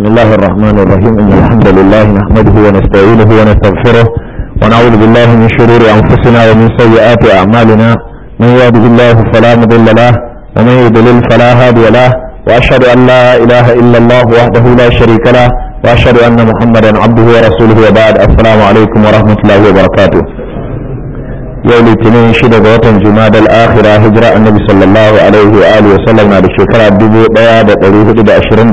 بسم الله الرحمن الرحيم إن الحمد لله نحمده ونستعينه ونستغفره ونعوذ بالله من شرور أنفسنا ومن سيئات أعمالنا من يهده الله فلا مضل له ومن يضلل فلا هادي له وأشهد أن لا إله إلا الله وحده لا شريك له وأشهد أن محمدا عبده ورسوله وبعد السلام عليكم ورحمة الله وبركاته يوم الاثنين shida غوت جماد الآخرة هجرة النبي صلى الله عليه وآله وسلم على na da shekara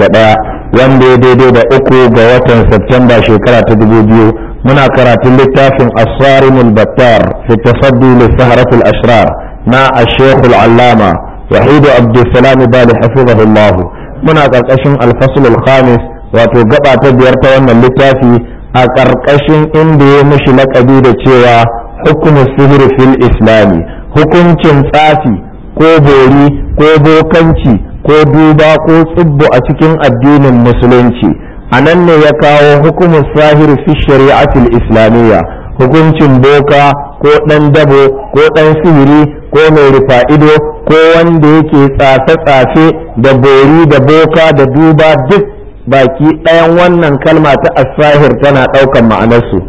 1421 wanda ya daidai da uku ga watan Septemba shekara ta dubu biyu muna karatun littafin asarimul battar fi tasaddi lissaharatul ashrar na ashekul allama wahidu abdulsalam bali hafizahullahu muna karkashin alfasulul khamis wato gaba ta biyar ta wannan littafi a karkashin inda ya mishi laƙabi da cewa hukumu sihir fil islami hukuncin tsafi ko bori ko bokanci ko duba ko tsubbu a cikin addinin musulunci a nan ne ya kawo hukumar sahir fi shari'atul islamiyya hukuncin boka ko ɗan dabo ko ɗan sihiri ko mai rufa ido ko wanda yake tsafe-tsafe da bori da boka da duba duk baki ɗayan wannan kalma ta asahir tana ɗaukan ma'anarsu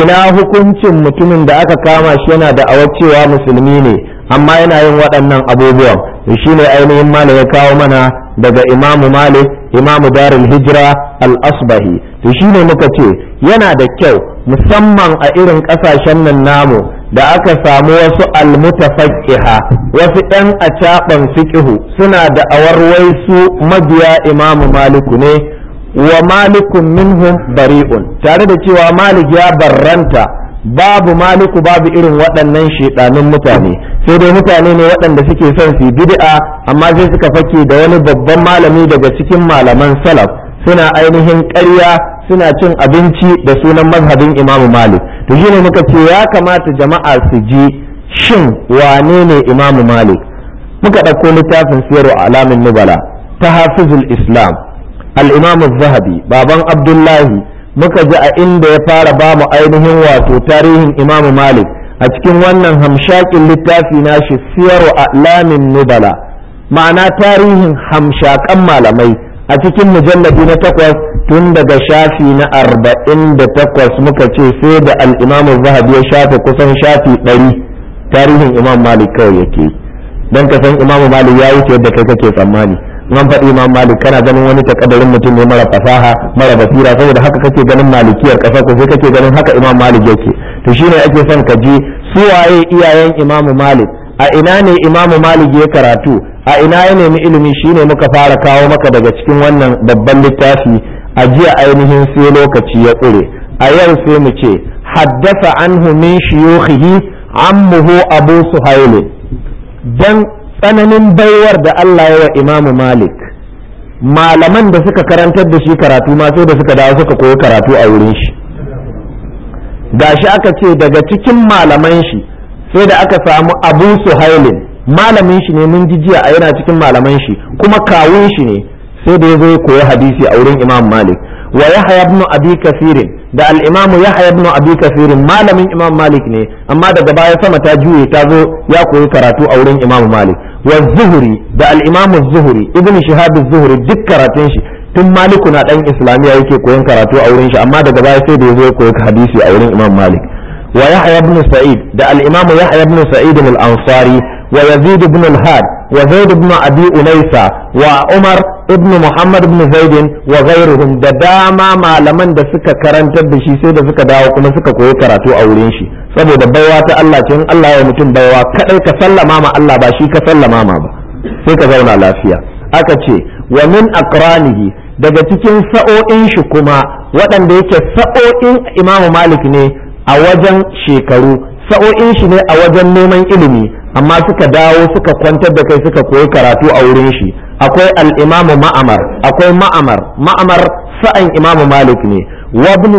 ina hukuncin mutumin da aka kama shi yana da cewa musulmi ne amma yana yin waɗannan abubuwan shi ne ainihin malam ya kawo mana daga imamu malik imamu darul hijira al-asbahi to shi ne muka ce yana da kyau musamman a irin ƙasashen nan namu da aka samu wasu almutafaqiha wasu ɗan acaɓan fiƙihu suna da awarwai su mabiya imamu maliku ne wa malikun minhum bari'un tare da cewa malik ya barranta babu maliku babu irin waɗannan shedanun mutane sai dai mutane ne waɗanda suke son su bid'a amma sai suka fake da wani babban malami daga cikin malaman salaf suna ainihin ƙarya suna cin abinci da sunan mazhabin imamu malik to shine muka ce ya kamata jama'a su ji shin wane ne imamu malik muka ɗauko littafin siyarwa alamin nubala ta hafizul islam al-imam zahabi baban abdullahi muka ji a inda ya fara ba mu ainihin wato tarihin imamu malik a cikin wannan hamshakin littafi na shi siyarwa a a'lamin nubala ma'ana tarihin hamshakan malamai a cikin mujalladi na takwas tun daga shafi na arba'in da takwas muka ce sai da al'imamu zahabi ya shafe kusan shafi ɗari tarihin imam malik kawai yake don ka san imamu malik ya wuce yadda kai kake tsammani man faɗi imam malik kana ganin wani takaddarin mutum ne mara fasaha mara basira saboda haka kake ganin malikiyar ƙasar ku sai kake ganin haka imam malik yake to shine ake son ka ji su waye iyayen imam malik a ina ne imam malik ya karatu a ina ya nemi ilimi shine muka fara kawo maka daga cikin wannan babban littafi a jiya ainihin sai lokaci ya ƙure a yau sai mu ce haddasa anhu min shuyukhihi ammuhu abu suhailin dan tsananin baiwar da Allah ya wa imamu malik malaman da suka karantar da shi karatu ma sai da suka dawo suka koyi karatu a wurin shi gashi aka ce daga cikin malaman shi sai da aka samu abu suhailin malamin shi ne mun ji jiya a yana cikin malaman shi kuma kawun shi ne sai da ya zo koyi hadisi a wurin imam malik wa yahya ibn abi kasirin da al'imam imam Yahya ibn Abi Kathir malamin Imam Malik ne amma daga baya sama ta juye ta zo ya koyi karatu a wurin Imam Malik wa zuhuri da al zuhuri ibn Shihab zuhuri duk karatun shi tun Maliku na dan Islamiya yake koyon karatu a wurin shi amma daga baya sai da ya zo ya koyi hadisi a wurin Imam Malik wa Yahya Sa'id da al-imam Yahya ibn Sa'id ansari Wa yazidu ويزيد wa الهاد وزيد بن wa Umar وعمر ابن محمد Zaidin wa وغيرهم da dama malaman da suka karantar da shi sai da suka dawo kuma suka koyi karatu a wurin shi saboda baiwa ta Allah ce in Allah ya mutum baiwa kadai ka sallama Allah ba shi ka sallamama ma ba sai ka zauna lafiya aka ce wa min aqranihi daga cikin sa'o'in shi kuma waɗanda yake sa'o'in Imam Malik ne a wajen shekaru sa'o'in shi ne a wajen neman ilimi amma suka dawo suka kwantar da kai suka koyi karatu a wurin shi akwai al'imamu ma'amar akwai ma'amar ma'amar sa'an imamu malik ne wa ibn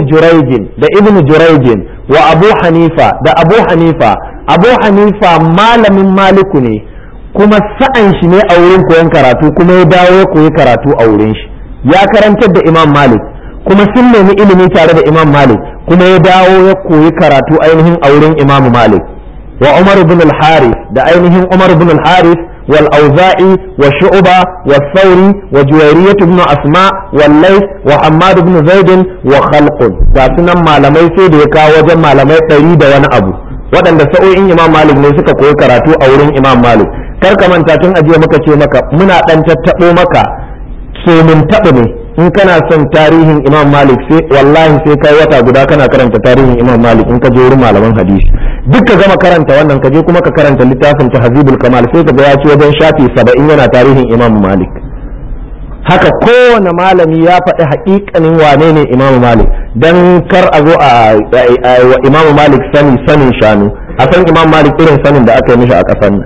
da ibnu jurayjin wa abu hanifa da abu hanifa abu hanifa malamin maliku ne kuma sa'an shi ne a wurin koyon karatu kuma ya dawo koyi karatu a wurin shi ya karantar da imam malik kuma sun nemi ilimi tare da imam malik kuma ya dawo ya koyi karatu ainihin a wurin imam malik wa umar ibn al haris da ainihin umar ibn al haris wal auza'i wa shu'ba wa thawri wa juwayriyah ibn asma Wa layth wa hammad ibn zaid wa khalq ga sunan malamai sai da ya kawo wajen malamai ɗari da wani abu waɗanda sa'o'in imam malik ne suka koyi karatu a wurin imam malik kar ka manta tun ajiya muka ce maka muna ɗan tattaɓo maka somin taɓa ne in kana son tarihin imam malik sai wallahi sai kai wata guda kana karanta tarihin imam malik in ka je wurin malaman hadisi duk ka gama karanta wannan ka je kuma ka karanta littafin ta tahzibul kamal sai ka ga ya ci wajen shafi saba'in yana tarihin imam malik haka kowane malami ya faɗi haƙiƙanin wane ne imam malik dan kar a zo a imam malik sani sanin shanu a san imam malik irin sanin da aka yi mishi a ƙasar nan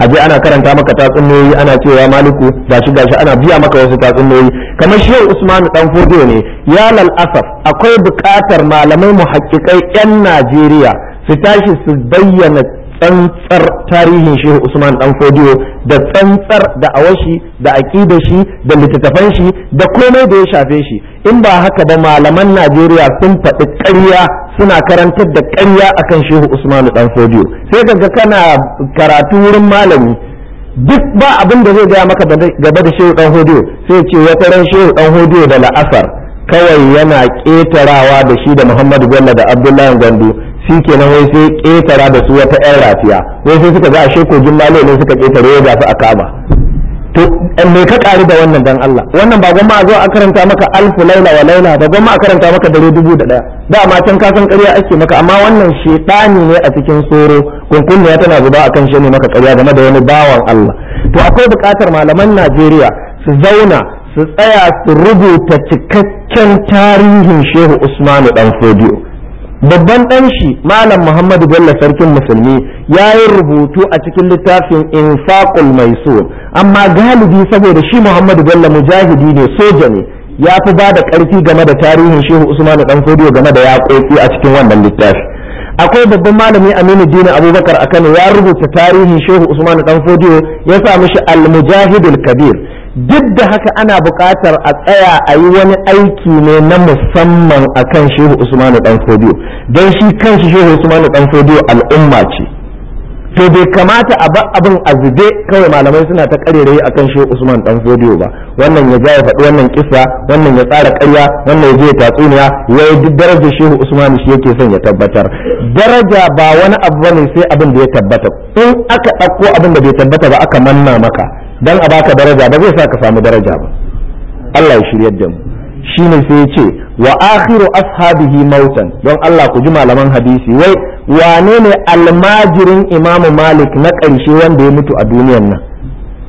a ana karanta maka tatsuniyoyi ana cewa maliku gashi gashi ana biya maka wasu tatsuniyoyi kamar shehu usman dan fodo ne ya lal asaf akwai buƙatar malamai muhaqqiqai yan najeriya su tashi su bayyana tsantsar tarihin shehu usman dan fodiyo da tsantsar da awashi da aƙida shi da littattafan shi da komai da ya shafe shi in ba haka ba malaman najeriya sun faɗi ƙarya suna karantar da ƙarya akan shehu usmanu dan fodiyo sai kaga kana karatu wurin malami duk ba abin da zai gaya maka gaba da shehu dan hodiyo sai ce ya karan shehu dan hodiyo da la'asar kawai yana ƙetarawa da shi da muhammadu bello da abdullahi gandu shi kenan wai sai ƙetara da su wata 'yan rafiya wai sai suka ga a sheko jin ne suka ƙetare ya gasu a kama to me ka ƙari da wannan dan Allah wannan ba gwamma a zo a karanta maka alfu laila wa laila da gwamma a karanta maka dare dubu da ɗaya da ma can ka ƙarya ake maka amma wannan shedani ne a cikin soro kunkunniya tana zuba akan shi ne maka ƙarya game da wani bawan Allah to akwai buƙatar malaman Najeriya su zauna su tsaya su rubuta cikakken tarihin Shehu Usmanu dan Fodiyo babban ɗan shi malam muhammadu bello sarkin musulmi ya yi rubutu a cikin littafin infaqul so amma galibi saboda shi muhammadu bello mujahidi ne soja ne ya fi ba da ƙarfi game da tarihin shehu usman dan fodiyo game da yaƙoƙi a cikin wannan littafi akwai babban malami aminu dina abubakar a kano ya rubuta tarihin shehu usman dan fodiyo ya sa mishi almujahidul kabir duk da haka ana buƙatar a tsaya a yi wani aiki ne na musamman akan shehu usman dan fodiyo don shi kanshi shehu usman dan fodiyo al'umma ce to bai kamata a ba abin a zube kawai malamai suna ta karerayi akan shi Usman dan Fodiyo ba wannan ya ja ya faɗi wannan kisa wannan ya tsara ƙarya wannan ya je tatsuniya wai duk darajar shehu Usman shi yake son ya tabbatar daraja ba wani abu bane sai abin da ya tabbata in aka ɗauko abin da bai tabbata ba aka manna maka dan a baka daraja ba zai sa ka samu daraja ba Allah ya shiryar da mu shine sai ya ce wa akhiru ashabihi mautan don Allah ku ji malaman hadisi wai wane ne almajirin imamu malik na ƙarshe wanda ya mutu a duniyan nan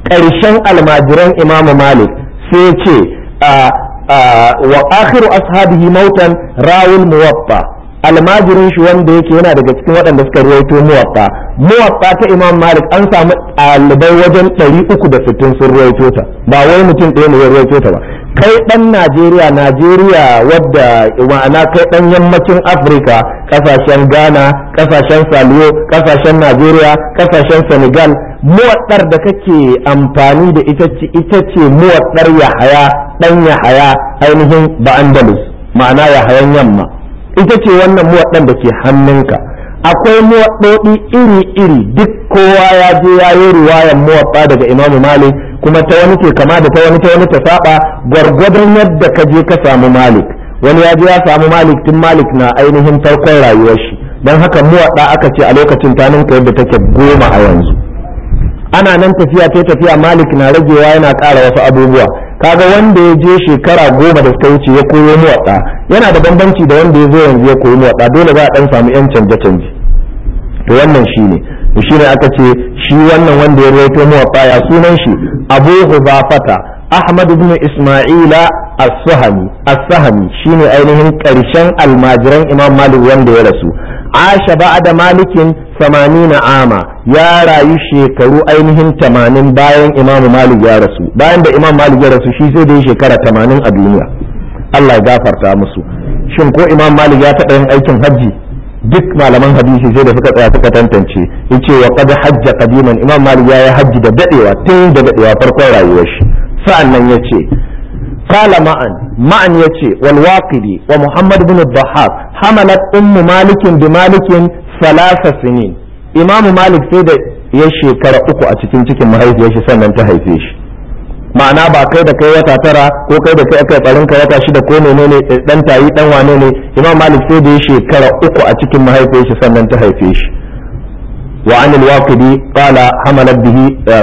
ƙarshen almajiran imamu malik sai ce wa akhiru ashabihi mautan rawul muwaffa almajirin shi wanda yake yana daga cikin waɗanda suka ruwaito muwatta muwatta ta imam malik an samu ɗalibai wajen ɗari uku da sittin sun ruwaito ta ba wai mutum ɗaya ne ya ruwaito ta ba kai ɗan najeriya najeriya wadda ma'ana kai ɗan yammacin afirka ƙasashen ghana ƙasashen saliyo ƙasashen najeriya ƙasashen senegal muwaɗar da kake amfani da ita ce muwaɗar yahaya ɗan yahaya ainihin ba andalus ma'ana yahayan yamma ita ce wannan muwaɗɗan da ke hannunka akwai muwaɗɗoɗi iri-iri duk kowa ya je ya yi ruwayan muwaɗɗa daga imamu malik kuma ta wani ke kama da ta wani ta wani ta saba gwargwadon yadda ka je ka samu malik wani ya je ya samu malik tun malik na ainihin farkon rayuwar shi don haka muwaɗɗa aka ce a lokacin taninka yadda take goma a yanzu ana nan tafiya ta tafiya malik na ragewa yana ƙara wasu abubuwa kaga wanda ya je shekara goma da suka wuce ya koyo mu waɗa yana da bambanci da wanda ya zo yanzu ya koyo muwaɗa dole za a ɗan samu yan canje canje to wannan shi ne shi ne aka ce shi wannan wanda ya rawaito waɗa ya sunan shi abu huzafata ahmad bin isma'ila as-sahami as-sahami shine ainihin ƙarshen almajiran imam malik wanda ya rasu asha da malikin 80 ama ya rayu shekaru ainihin 80 bayan imam malik ya rasu bayan da imam malik ya rasu shi sai da shekara 80 a duniya Allah ya gafarta musu shin ko imam malik ya taɓa yin aikin hajji duk malaman hadisi sai da suka tsaya suka tantance yace wa qad hajja qadiman imam malik ya yi hajji da dadewa tun da dadewa farkon rayuwar shi sa'annan ya ce kala ma'an ma'an ya ce walwaƙidi wa muhammad bin bahar hamalat ummu malikin bi malikin salasa sinin imamu malik sai da ya shekara uku a cikin cikin mahaifiyar shi sannan ta haife shi ma'ana ba kai da kai wata tara ko kai da kai aka tsarin ka wata shida ko ne dan eh, tayi dan wane ne imam malik sai da ya shekara uku a cikin mahaifiyar shi sannan ta haife shi وعن الواقدي قال حملت به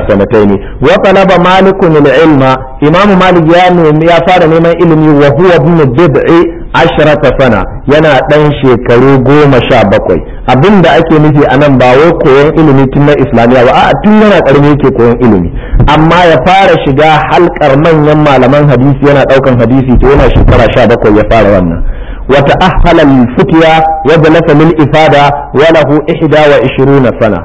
سنتين وطلب مالك العلم إمام مالك يعني يا فار نيما علمي وهو ابن بضع عشرة سنة ينا دان شيكارو goma sha bakwai abin da ake nufi a nan ba wai koyon ilimi tun na islamiyya ba a tun yana karni yake koyon ilimi amma ya fara shiga halkar manyan malaman hadisi yana ɗaukan hadisi to yana shekara sha bakwai ya fara wannan وتأهل للفتيا وجلس للإفادة وله إحدى وعشرون سنة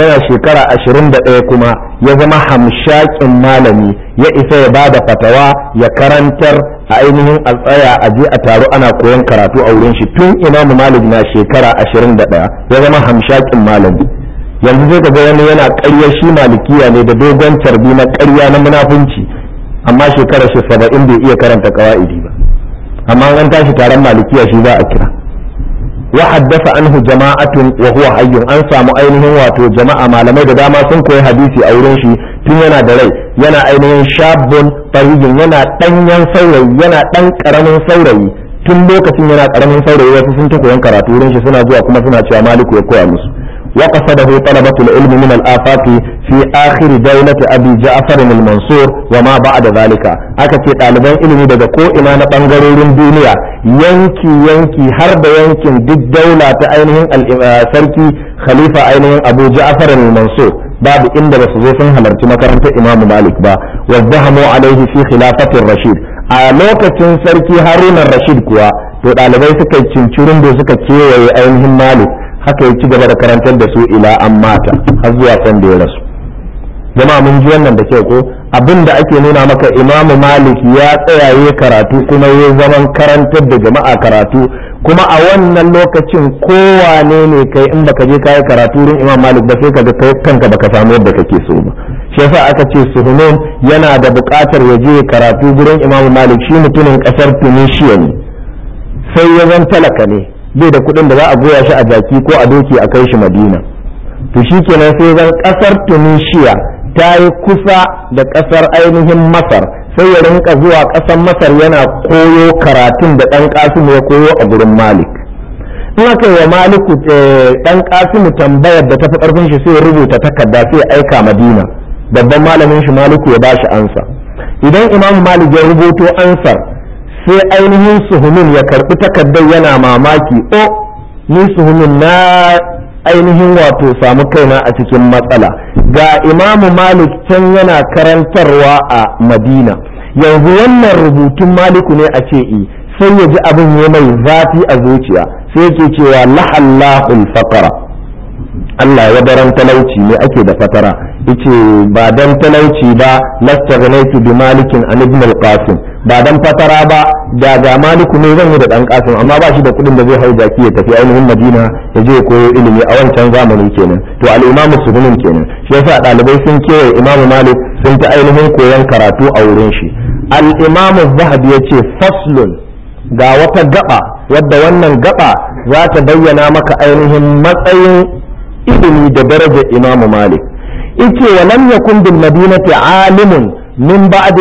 yana shekara ashirin da ɗaya kuma ya zama hamshakin malami ya isa ya bada fatawa ya karantar a ainihin a tsaya a je a taru ana koyon karatu a wurin shi tun imamu malik na shekara ashirin da ɗaya ya zama hamshakin malami yanzu zai ga wani yana karya shi malikiya ne da dogon carbi na karya na munafunci amma shekarar shi saba'in bai iya karanta ƙawa'idi ba amma an tashi taron malikiya shi za a kira wa haddasa anhu jama'atun wa huwa hayyun an samu ainihin wato jama'a malamai da dama sun koyi hadisi a wurin shi tun yana da rai yana ainihin shabbun farigin yana danyen saurayi yana dan karamin saurayi tun lokacin yana karamin saurayi wasu sun ta koyan karatu wurin shi suna zuwa kuma suna cewa maliku ya koya musu da وقصده طلبة العلم من الآفاق في آخر دولة أبي جعفر المنصور da zalika aka ce طالبان ilimi daga ko ina na bangarorin duniya yanki yanki har da yankin duk daula ta ainihin sarki khalifa ainihin abuja Ja'far al babu inda ba su zo sun halarci makarantar Imam Malik ba wa zahamu alaihi fi khilafati Rashid a lokacin sarki Harun Rashid kuwa to ɗalibai suka cincirin da suka kewaye ainihin Malik haka ya ci gaba da karantar da su ila an mata har zuwa san da ya rasu jama'a mun ji wannan da kyau ko abin da ake nuna maka imamu malik ya tsayaye karatu kuma ya zaman karantar da jama'a karatu kuma a wannan lokacin kowane ne kai in baka je kayi karatu rin imam malik ba sai ka ga kanka baka samu yadda kake so ba shi yasa aka ce suhunun yana da buƙatar ya je karatu gurin imam malik shi mutumin kasar tunisia ne sai ya zan talaka ne bai da kuɗin da za a goya shi a jaki ko a doki a kai shi madina to shi kenan sai zan ƙasar tunisia ta yi kusa da ƙasar ainihin masar sai ya rinka zuwa ƙasar masar yana koyo karatun da ɗan kasimu ya koyo a gurin malik in aka wa maliku eh, ɗan kasimu tambayar da ta fi ƙarfin shi sai rubuta takarda sai aika madina babban malamin shi maliku ya ba shi ansa idan imamu malik ya rubuto ansar sai ainihin suhumin ya karɓi takardar yana mamaki o ni suhumin na ainihin wato samu kaina a cikin matsala ga imamu malik can yana karantarwa a madina yanzu wannan rubutun maliku ne a ce i sai ya ji abin ya mai zafi a zuciya sai yake cewa lahallahul faqara Allah ya daren talauci ne ake da fatara yace ba dan talauci ba lastaghnaitu bi malikin an ibn al-qasim ba dan fatara ba da ga maliku ne zan yi da dan qasim amma ba shi da kudin da zai hau jaki ya tafi ainihin madina ya je koyo ilimi a wancan zamanin kenan to al-imam kenan shi yasa dalibai sun kewaye imam malik sun ta ainihin koyon karatu a wurin shi al-imam zahabi yace faslun ga wata gaba wadda wannan gaba za ta bayyana maka ainihin matsayin ilimi da darajar imam malik yace wa lam yakun bil madinati alimun min ba'd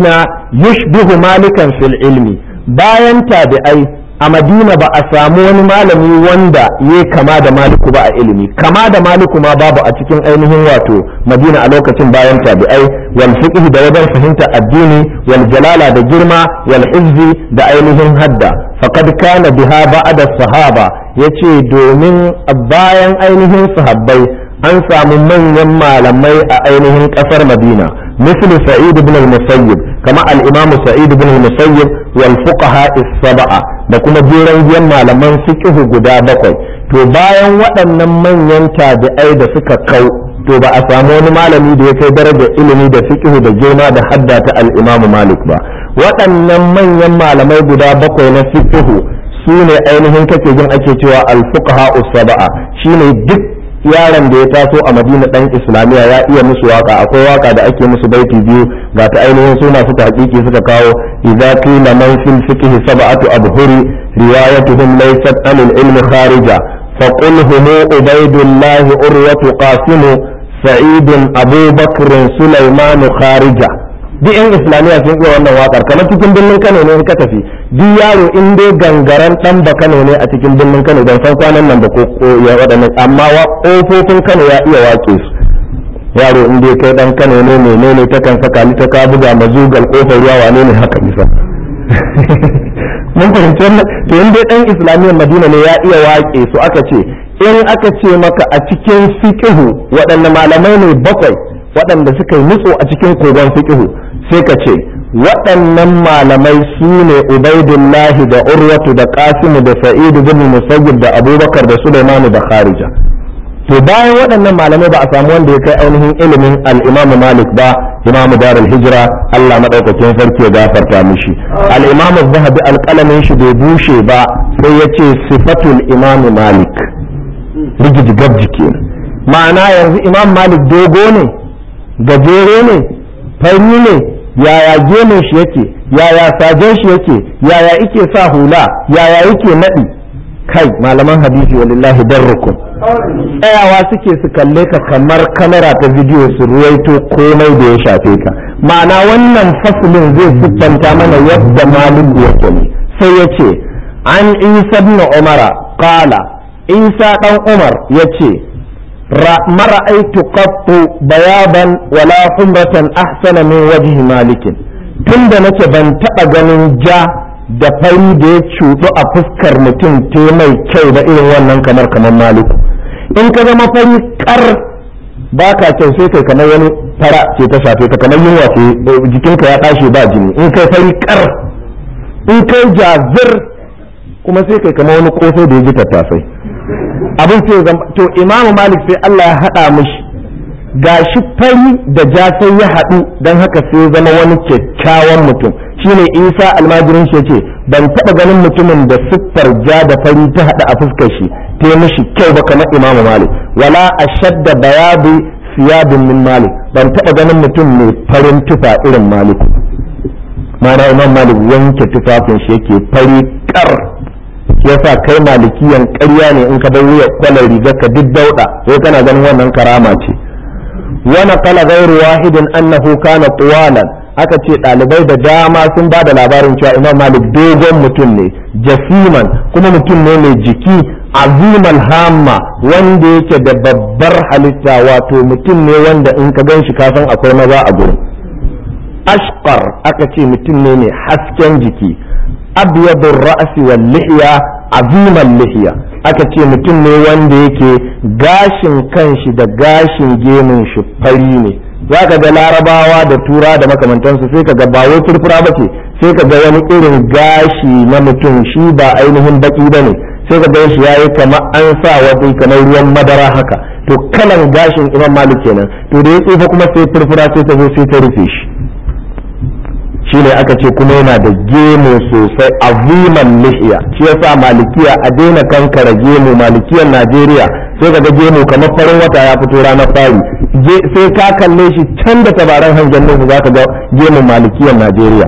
na yushbihu malikan fil ilmi bayan tabi'ai a madina ba a samu wani malami wanda ya kama da maliku ba a ilimi kama da maliku ma babu a cikin ainihin wato madina a lokacin bayan tabi'ai wal fiqh da wajen fahimta addini wal jalala da girma wal hizbi da ainihin hadda faqad kana biha ba'da sahaba yace domin bayan ainihin sahabbai an samu manyan malamai a ainihin kasar madina misli sa'id ibn al-musayyib kama al-imam sa'id ibn al-musayyib wal fuqaha as da kuma jeran malaman fiqh guda bakwai to bayan waɗannan manyan tabi'ai da suka kau to ba a samu wani malami da ya kai darajar ilimi da fiqh da girma da hadda ta al'imamu malik ba waɗannan manyan malamai guda bakwai na fiqh su ne ainihin kake jin ake cewa al-fuqaha as-sab'a shine duk yaron da ya taso a madina dan islamiyya ya iya musu waka akwai waka da ake musu baiti biyu ga ta ainihin suna suka hakiki suka kawo idza qila man fil fiqhi sab'atu abhuri riwayatuhum laysat anil ilmi kharija فقل هم عبيد الله عروة قاسم سعيد أبو بكر سليمان duk yan islamiyya sun iya wannan wakar kamar cikin birnin kano ne ka tafi duk yaro in dai gangaren dan ba kano ne a cikin birnin kano don san kwanan nan ba ko ya waɗannan amma wa ƙofofin kano ya iya wake su yaro in dai kai dan kano ne menene ta kan saka ni ta ka buga mazugal kofar ruwa wane ne haka nisa mun fahimci wannan to in dai dan islamiyya madina ne ya iya wake su aka ce in aka ce maka a cikin fiqhu waɗanne malamai ne bakwai waɗanda suka yi nutso a cikin kogon fiqhu sai ka ce waɗannan malamai su ne ubaidullahi da urwatu da kasimu da sa'idu bin musayyib da abubakar da sulaimanu da kharija to bayan waɗannan malamai ba a samu wanda ya kai ainihin ilimin al malik ba imamu darul hijira Allah madaukakin sarki ya gafarta mishi al zahabi alƙalamin shi bai bushe ba sai ya ce sifatul imamu malik rigid gabji kenan ma'ana yanzu imam malik dogo ne gajere ne fari ne yaya gemin shi yake yaya sajen shi yake yaya ike sa hula yaya yake naɗi kai malaman hadisi walillahi darrukum tsayawa suke su kalle ka kamar kamera ta bidiyo su ruwaito komai da ya shafe ka ma'ana wannan faslin zai siffanta mana yadda malin yake ne sai ya ce an isa ibn umara qala isa dan umar yace ما رأيت قط بيابا ولا حمرة أحسن من وجه مالك تند نك ban taɓa ganin ja da fari da ya cutu a fuskar mutum te mai kyau da irin wannan kamar maliku in ka zama fari ba ka sai kai kamar wani fara ce ta shafe ka kamar yunwa ce jikinka ya tashi ba jini in kai fari in kai jazir kuma sai kai kamar wani kosai da ya ji tattasai abin zama to imamu malik sai Allah ya haɗa mishi shi fari da ja sai ya haɗu don haka sai zama wani kyakkyawan mutum shine isa almajirin shi ce ban taɓa ganin mutumin da siffar ja da fari ta haɗu a fuskar shi ta yi mishi kyau ba kamar imamu malik wala ashadda bayabi siyabin min malik ban taɓa ganin mutum mai farin tufa irin malik mana imam malik wanke tufafin shi yake fari kar yasa kai malikiyan karya ne in ka bar wuya kwalar rigar ka duk dauɗa ko kana ganin wannan karama ce wani kala gairu wahidin annahu kana tuwalan aka ce ɗalibai da dama sun ba da labarin cewa imam malik dogon mutum ne jasiman kuma mutum ne mai jiki azimal hamma wanda yake da babbar halitta wato mutum ne wanda in ka gan shi kafin akwai maza a gurin ashqar aka ce mutum ne mai hasken jiki abyadun ra'asi wal lihiya aziman lihiya aka ce mutum ne wanda yake gashin kanshi da gashin gemun shi fari ne za ka ga larabawa da tura da makamantansu sai ka ga ba wai furfura ba ce sai ka ga wani irin gashi na mutum shi ba ainihin baki ba ne sai ka ga ya yi kamar an sa wata kamar ruwan madara haka to kalan gashin imam malik kenan to da ya tsufa kuma sai furfura sai ta zo sai ta rufe shi shine aka ce kuma yana da gemu sosai a zuman lihiya shi ya sa malikiya a daina kankara gemu malikiyar najeriya sai ga gemu kamar farin wata ya fito ranar fari sai ka kalle shi can da tabaran hangen nufu za ka ga gemun malikiyar najeriya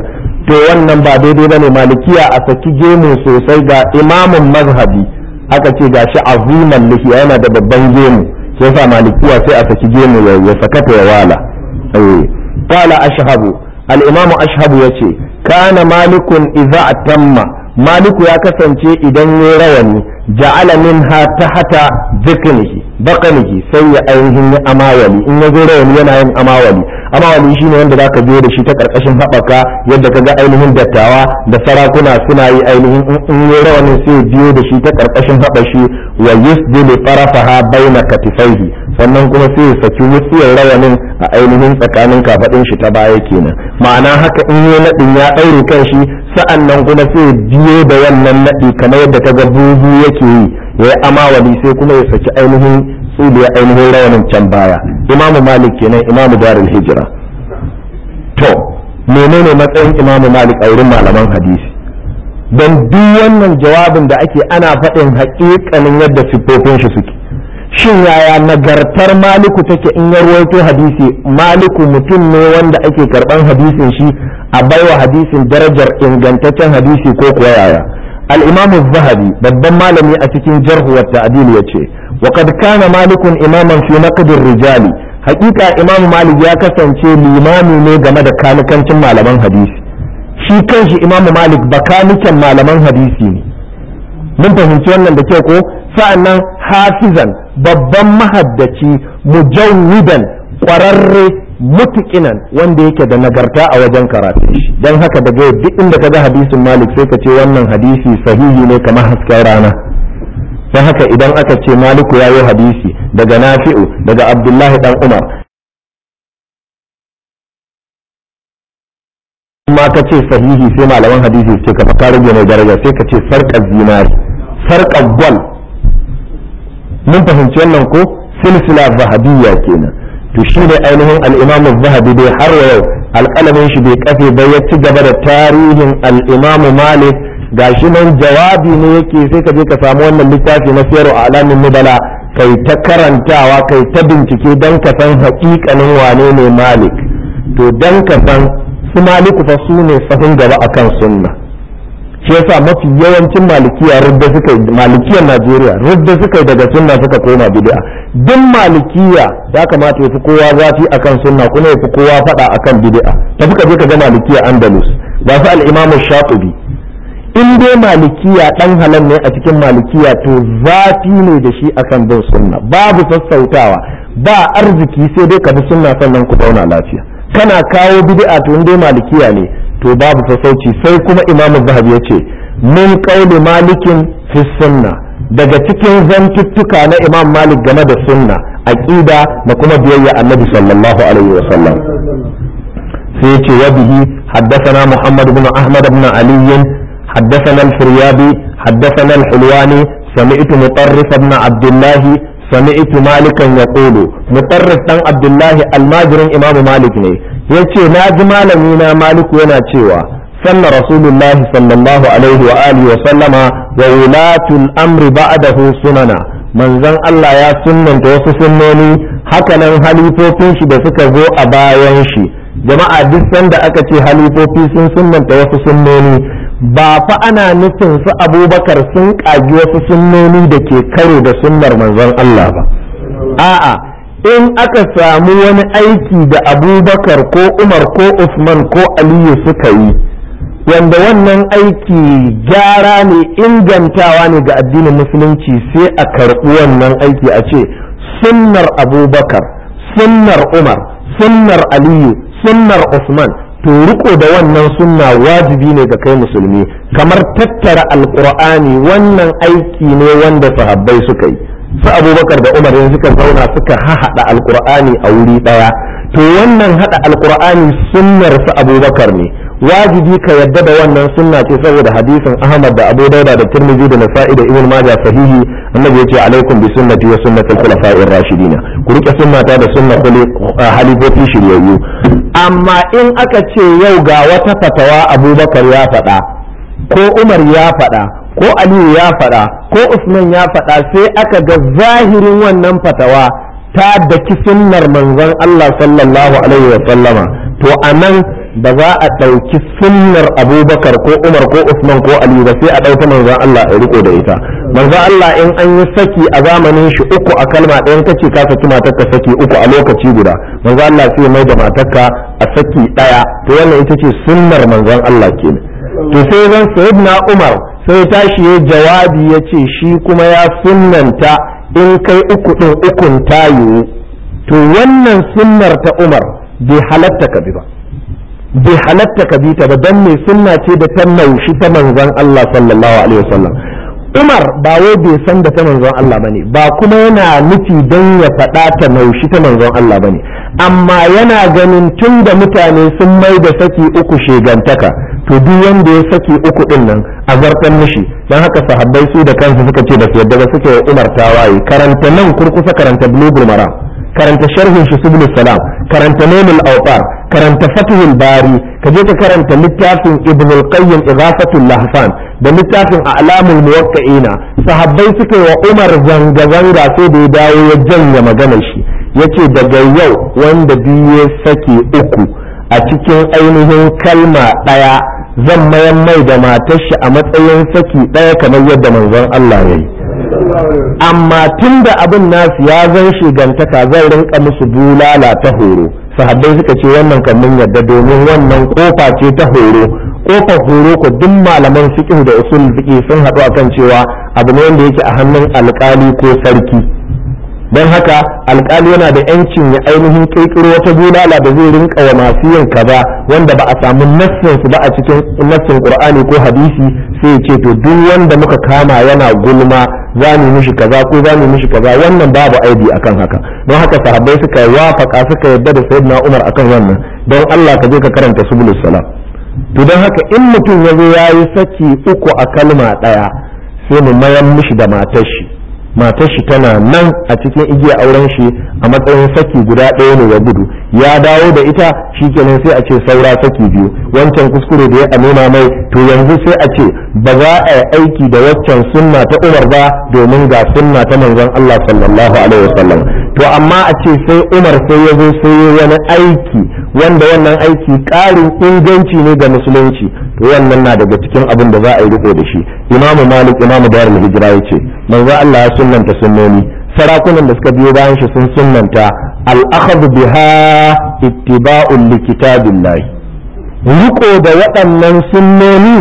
to wannan ba daidai ba ne malikiya a saki gemu sosai ga imamun mazhabi aka ce ga shi zuman lihiya yana da babban gemu sai sa malikiya sai a saki gemu ya sakata ya wala eh. qala ashhabu al-imamu ya ce kana malikun idza maliku ya kasance idan ya rawani ja'ala minha hata zikrihi bakanihi sai ya ainihin ya amawali in ya zo rawani yana yin amawali amawali shine wanda zaka biyo da shi ta karkashin haɓaka yadda ka ga ainihin dattawa da sarakuna suna yi ainihin in ya rawanin sai biyo da shi ta karkashin haɓashi wa yusdilu tarafaha baina katifaihi sannan kuma sai ya saki wutsiyar rawanin a ainihin tsakanin kafaɗin shi ta baya kenan ma'ana haka in yi naɗin ya ɗaure kan shi sa'an nan kuma sai ya biyo da wannan naɗi kamar yadda ta ga bubu yake yi ya yi amawali sai kuma ya saki ainihin tsibiya ainihin rawanin can baya imamu malik kenan imamu darul hijira to menene matsayin imamu malik a wurin malaman hadisi don duk wannan jawabin da ake ana faɗin haƙiƙanin yadda siffofin shi suke shin yaya nagartar maliku take in ya ruwaito hadisi maliku mutum ne wanda ake karban hadisin shi a baiwa hadisin darajar ingantaccen hadisi ko kuwa yaya al-imam zahabi babban malami a cikin jarh wa ta'dil ce, wa qad kana malikun imaman fi Makadin rijali hakika imam malik ya kasance limami ne game da kanikancin malaman hadisi shi kanshi imam malik bakanikan malaman hadisi ne mun fahimci wannan da kyau ko nan hafizan babban mahaddaci mujawwidan kwararre mutukinan wanda yake da nagarta a wajen karatu don haka daga duk inda ka ga hadisin malik sai ka ce wannan hadisi sahihi ne kamar hasken rana don haka idan aka ce maliku ya yi hadisi daga nafi'u daga abdullahi dan umar ma ka ce sahihi sai malaman hadisi ce ka fa mai daraja sai ka ce farkar zinari sarƙar gwal mun fahimci wannan ko silsila zahabiyya kenan to shi ne ainihin al'imamu zahabi dai har yau alƙalamin shi bai kafe ba ya ci gaba da tarihin al'imamu malik gashi nan jawabi ne yake sai ka je ka samu wannan littafi na a alamin nubala kai ta karantawa kai ta bincike dan ka san haƙiƙanin wane ne malik to don ka san su maliku fa su ne sahun gaba akan sunna shi yasa mafi yawancin malikiya rudda suka yi malikiyar najeriya rudda suka yi daga sunna suka koma bid'a duk malikiya ya kamata ya fi kowa zafi akan sunna kuma ya fi kowa faɗa akan bid'a tafi ka je ka ga malikiya andalus ba su al shaƙubi in dai malikiya ɗan halal ne a cikin malikiya to zafi ne da shi akan bin sunna babu sassautawa ba arziki sai dai ka bi sunna sannan ku zauna lafiya kana kawo bid'a to in dai malikiya ne to babu fasauci sai kuma imam zahabi ya ce min qauli malikin fi sunna daga cikin zantuttuka na imam malik game da sunna aqida da kuma biyayya annabi sallallahu alaihi wa sallam sai ce wa bihi haddathana muhammad ibn ahmad ibn ali haddathana al-firyabi haddathana al-hulwani sami'tu mutarrif ibn abdullah sami'tu malikan yaqulu mutarrif dan abdullah al-majrin imam malik ne ya ce na ji malami na maliku yana cewa sanna rasulullahi sallallahu alaihi wa alihi wa sallama wa wulatul amri ba'dahu sunana manzon Allah ya sunanta wasu sunnoni hakanan halifofin shi da suka zo a bayan shi jama'a duk sanda aka ce halifofi sun sunanta wasu sunnoni ba fa ana nufin su abubakar sun ƙagi wasu sunnoni da ke karo da sunnar manzon Allah ba a'a in aka samu wani aiki da abubakar ko umar ko usman ko aliyu suka yi wanda wannan aiki gyara ne ingantawa ne ga addinin musulunci sai a karɓi wannan aiki a ce sunnar abubakar sunnar umar sunnar aliyu sunnar usman to riko da wannan sunna wajibi ne ga kai musulmi kamar tattara alkur'ani wannan aiki ne wanda sahabbai suka yi su abubakar da umar yanzu suka zauna suka hahaɗa alkur'ani a wuri ɗaya to wannan haɗa alkur'ani sunnar su abubakar ne wajibi ka yadda da wannan sunna ce saboda hadisin ahmad da abu dauda da tirmidhi da nasa'i da ibn majah sahihi annabi yace alaikum bi sunnati wa sunnati al-khulafa'ir rashidin ku rike sunnata da sunnar eh, halifofi shiryayyu amma in aka ce yau ga wata fatawa abubakar ya faɗa ko umar ya faɗa ko aliyu ya faɗa ko usman ya faɗa sai aka ga zahirin wannan fatawa ta daki sunnar manzon Allah sallallahu alaihi wa sallama to anan ba za a ɗauki sunnar abubakar ko umar ko usman ko aliyu ba sai a ɗauki manzon Allah a riko da ita manzo Allah in an yi saki a zamanin shi uku a kalma ɗayan kace ka saki matarka saki uku a lokaci guda manzon Allah sai mai da matarka a saki ɗaya to wannan ita ce sunnar manzon Allah kenan to sai zan sayyidina umar sai tashi ya jawabi ya ce shi kuma ya sunanta in kai uku ɗin ukun tayo to wannan sunnar ta umar bai halatta ka bi ba bai halatta ka bi ta ba don mai sunna ce da ta naushi ta manzon Allah sallallahu alaihi wasallam Umar ba wai bai san da ta manzon Allah bane ba kuma yana nufi don ya faɗa ta naushi ta manzon Allah bane amma yana ganin tun da mutane sun mai da saki uku shegantaka to duk wanda ya saki uku din nan a zartan mishi dan haka sahabbai su da kansu suka ce da su yadda suke wa Umar waye karanta nan kurkusa karanta bulugul maram karanta sharhin shi subul salam karanta nailul awtar karanta fathul bari ka je ka karanta littafin ibn al-qayyim idafatul lahfan da littafin a'lamul muwaqqi'ina sahabbai suka wa Umar zanga zanga sai da ya dawo ya janye maganar shi yace daga yau wanda biye sake uku a cikin ainihin kalma ɗaya zan mayan mai da matar shi a matsayin saki ɗaya kamar yadda manzon Allah ya yi amma tun da abin nasu ya zan shigantaka zan rinka musu bulala ta horo sahabbai suka ce wannan kan mun yadda domin wannan kofa ce ta horo kofar horo ko duk malaman fiqh da usul fiqh sun haɗu akan cewa abu ne wanda yake a hannun alƙali ko sarki don haka alkali yana da yancin ya ainihin kirkiro wata bulala da zai rinka wa masu yin kaza wanda ba a samu nassin su ba a cikin nassin qur'ani ko hadisi sai ya ce to duk wanda muka kama yana gulma za mu mishi kaza ko za mu mishi kaza wannan babu aibi akan haka don haka sahabbai suka wafaka suka yarda da sayyidina Umar akan wannan don Allah ka je ka karanta subulus salam to don haka in mutum ya zo ya yi saki uku a kalma ɗaya sai mu mayan mishi da matar shi matar shi tana nan a cikin igiyar auren shi a matsayin saki guda ɗaya ne ya gudu ya dawo da ita shi kenan sai a ce saura saki biyu wancan kuskure da ya nuna mai to yanzu sai a ce ba za a yi aiki da waccan sunna ta umar ba domin ga sunna ta manzon Allah sallallahu alaihi wasallam to amma a ce sai umar sai ya zo sai ya wani aiki wanda wannan aiki ƙarin inganci ne ga musulunci to wannan na daga cikin abin da za a yi riko da shi imamu malik imamu darul hijira yace manzo Allah ya sunnanta sunnoni sarakunan da suka biyo bayan shi sun sunnanta al-akhadhu biha ittiba'un likitabillahi riko da waɗannan sunnoni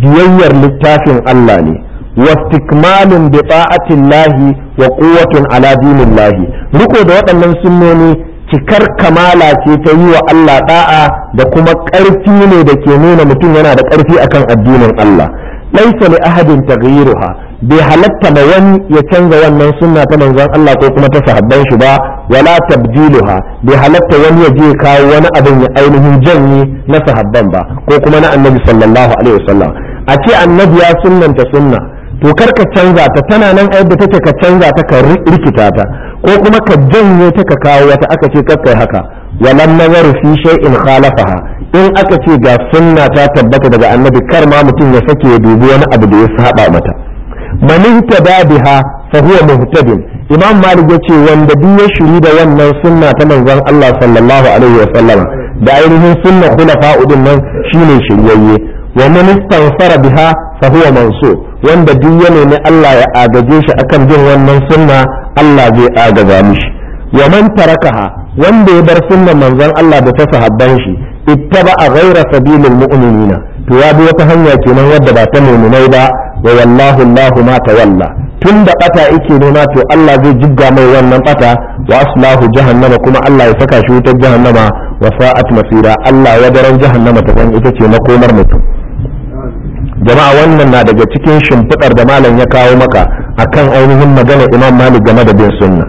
biyayyar littafin Allah ne واستكمال بطاعة الله وقوة على دين الله ركو da waɗannan sunnoni cikar kamala ce ta yi wa Allah da'a da kuma ƙarfi ne da ke nuna mutum yana da ƙarfi akan addinin Allah laisa li ahadin taghyiruha bai halatta da wani ya canza wannan sunna ta manzon Allah ko kuma ta sahabban shi ba wala tabdiluha bai halatta wani ya je kawo wani abin ya ainihin janye na sahabban ba ko kuma na annabi sallallahu alaihi wasallam a ce annabi ya sunnanta sunna to kar ka canza ta tana nan a yadda take ka canza ta ka rikita ta ko kuma ka janye ta ka kawo wata aka ce kakkai haka walan nazaru fi shay'in khalafaha in aka ce ga sunna ta tabbata daga annabi kar ma mutum ya sake ya dubi wani abu da ya saba mata man tada fa huwa muhtadin imam malik yace wanda duk ya shiri da wannan sunna ta manzon Allah sallallahu alaihi wa sallama da ainihin sunna khulafa'u din nan shine shiryayye wa man istanfara biha fa huwa wanda duk ya nemi Allah ya agaje shi akan bin wannan sunna Allah zai agaza mishi wa man tarakaha wanda ya bar sunnan manzon Allah da ta sahabban shi ittaba'a ghayra sabilil mu'minina to ya bi wata hanya kenan wadda ba ta mu'minai ba wa wallahu Allahu ma tawalla tun da bata yake nema to Allah zai jigga mai wannan bata wa aslahu jahannama kuma Allah ya saka shi wutar jahannama wa sa'at masira Allah ya daren jahannama ta ita ce makomar mutum jama'a wannan na daga cikin shimfiɗar da malam ya kawo maka akan ainihin magana imam malik game da bin sunna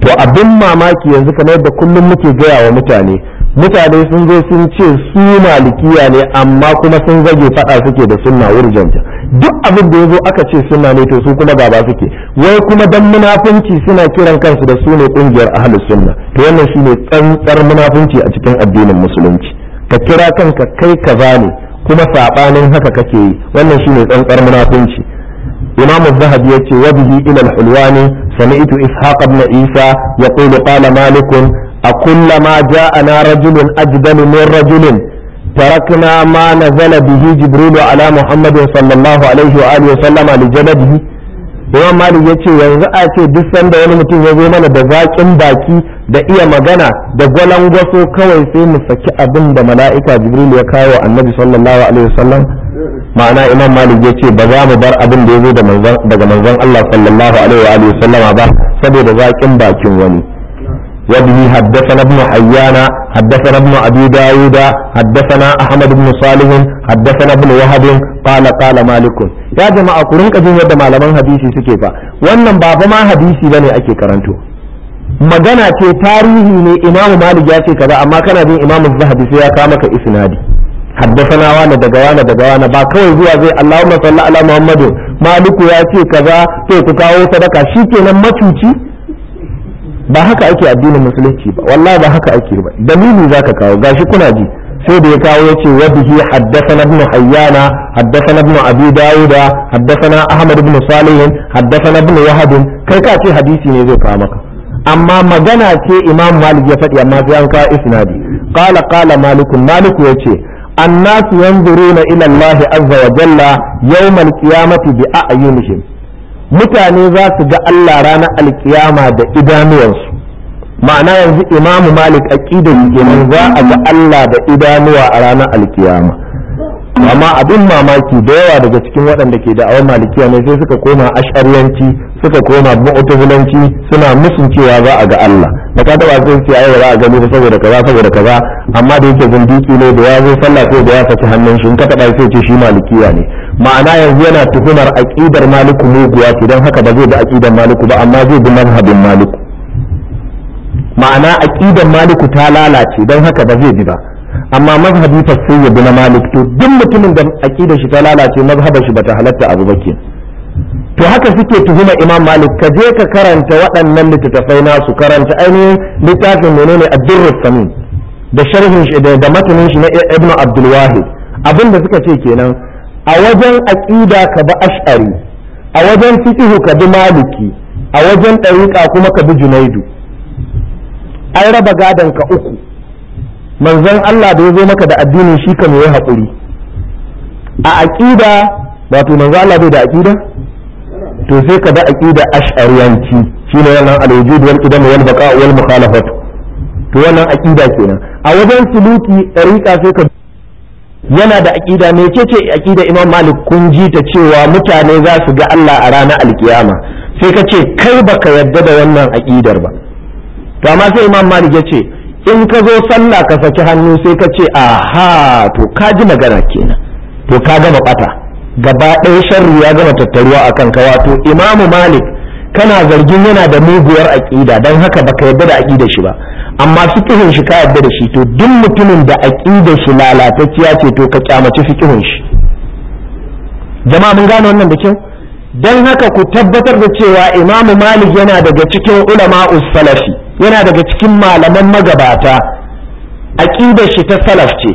to abin mamaki yanzu kamar yadda kullum muke gaya wa mutane mutane sun zo sun ce su malikiya ne amma kuma sun zage faɗa suke da sunna wurjanta duk abin da ya aka ce sunna ne to su kuma gaba suke wai kuma dan munafunci suna kiran kansu da su ne kungiyar ahlus sunna to wannan shine tsantsar munafunci a cikin addinin musulunci ka kira kanka kai ka ne kuma saɓanin haka kake yi wannan shine tsantsar munafunci imamu az-zahabi yace wa bihi ila al-hulwani sami'tu ishaq ibn isa yaqulu qala malik a kullama ja'ana rajulun ajdalu min rajulin تركنا ما نزل به جبريل على محمد صلى الله عليه وآله وسلم لجلده imam malik ya ce yanzu a ce duk sanda wani mutum ya zo mana da zaƙin baki da iya magana da gwalangwaso kawai sai mu saki abin da mala'ika jibril ya kawo annabi sallallahu alaihi wasallam ma'ana imam malik ya ce ba za mu bar abin da ya zo daga manzon allah sallallahu alaihi wa ba saboda zaƙin bakin wani وبه حدثنا ابن حيان حدثنا ابن أبي داود حدثنا أحمد بن صالح حدثنا ابن وهب قال قال مالك يا جماعة قرن كجين يد malaman hadisi suke fa wannan ba ma hadisi bane ake karanto magana ce tarihi ne imamu malik ya ce kaza amma kana bin imamu zahabi sai ya kama ka isnadi حدثنا وانا دغوانا دغوانا با kawai zuwa zai Allahumma salli ala Muhammadu maliku ya ce kaza sai ku kawo sadaka shikenan macuci ba haka ake addinin musulunci ba wallahi ba haka ake ba dalili zaka kawo gashi kuna ji sai da ya kawo yace wa bihi haddathana ibn hayyana haddathana ibn abi dauda haddathana ahmad ibn salih haddathana ibn wahab kai ka ce hadisi ne zai kawo maka amma magana ce imam malik ya faɗi amma sai an kawo isnadi qala qala malik malik yace الناس ينظرون azza wa عز وجل يوم القيامة بأعينهم mutane za su ga Allah ranar alkiyama da idanuwansu ma'ana yanzu imamu malik aqidar kenan za a ga Allah da idanuwa a ranar alkiyama amma abin mamaki da yawa daga cikin waɗanda ke da awon malikiya ne sai suka koma ash'ariyanci suka koma mu'tazilanci suna musun cewa za a ga Allah da ka taba sai ce ai za a gani saboda kaza saboda kaza amma da yake zindiki ne da ya zo sallah ko da ya saki hannun shi in ka taba sai ce shi malikiya ne ma'ana yanzu yana tuhumar aqidar maliku muguwa ce don haka ba zai bi aqidar maliku ba amma zai bi manhajin maliku ma'ana aqidar maliku ta lalace dan haka ba zai bi ba amma mazhabi fa sai ya bi na malik to duk mutumin da aqida shi ta lalace mazhabar shi bata halatta abu ba to haka suke tuhuma imam malik ka je ka karanta waɗannan littattafai nasu karanta ainihin littafin menene ad-durrus samin da sharhin shi da matanin shi na ibnu abdul wahid abinda suka ce kenan a wajen aqida ka bi ash'ari a wajen fiqh ka bi maliki a wajen ɗariƙa kuma ka bi junaidu an raba gadon ka uku manzon Allah da ya zo maka da addinin shi kan yayi haƙuri a aqida wato manzon Allah bai da aqida to sai ka da aqida ash'ariyanci shine wannan al-wujud wal qidam wal baqa wal mukhalafat to wannan aqida kenan a wajen suluki tariqa sai ka yana da aƙida Me ce ce aƙida imam malik kun ji ta cewa mutane za su ga Allah a ranar alkiyama sai ka ce kai baka yarda da wannan aƙidar ba to amma sai imam malik ya ce in ka zo sallah ka saki hannu sai ka ce aha to ka ji magana kenan to ka gama bata gaba ɗaya sharri ya gama tattaruwa a kanka wato imamu malik kana zargin yana da muguwar aƙida don haka baka yarda da aƙida shi ba amma fiqhin shi ka yarda da shi to duk mutumin da aƙidar shi lalatacciya ce to ka kyamaci fiqhin shi jama'a mun gane wannan da kyau don haka ku tabbatar da cewa imamu malik yana daga cikin ulama salafi yana daga cikin malaman magabata aƙidar shi ta salaf ce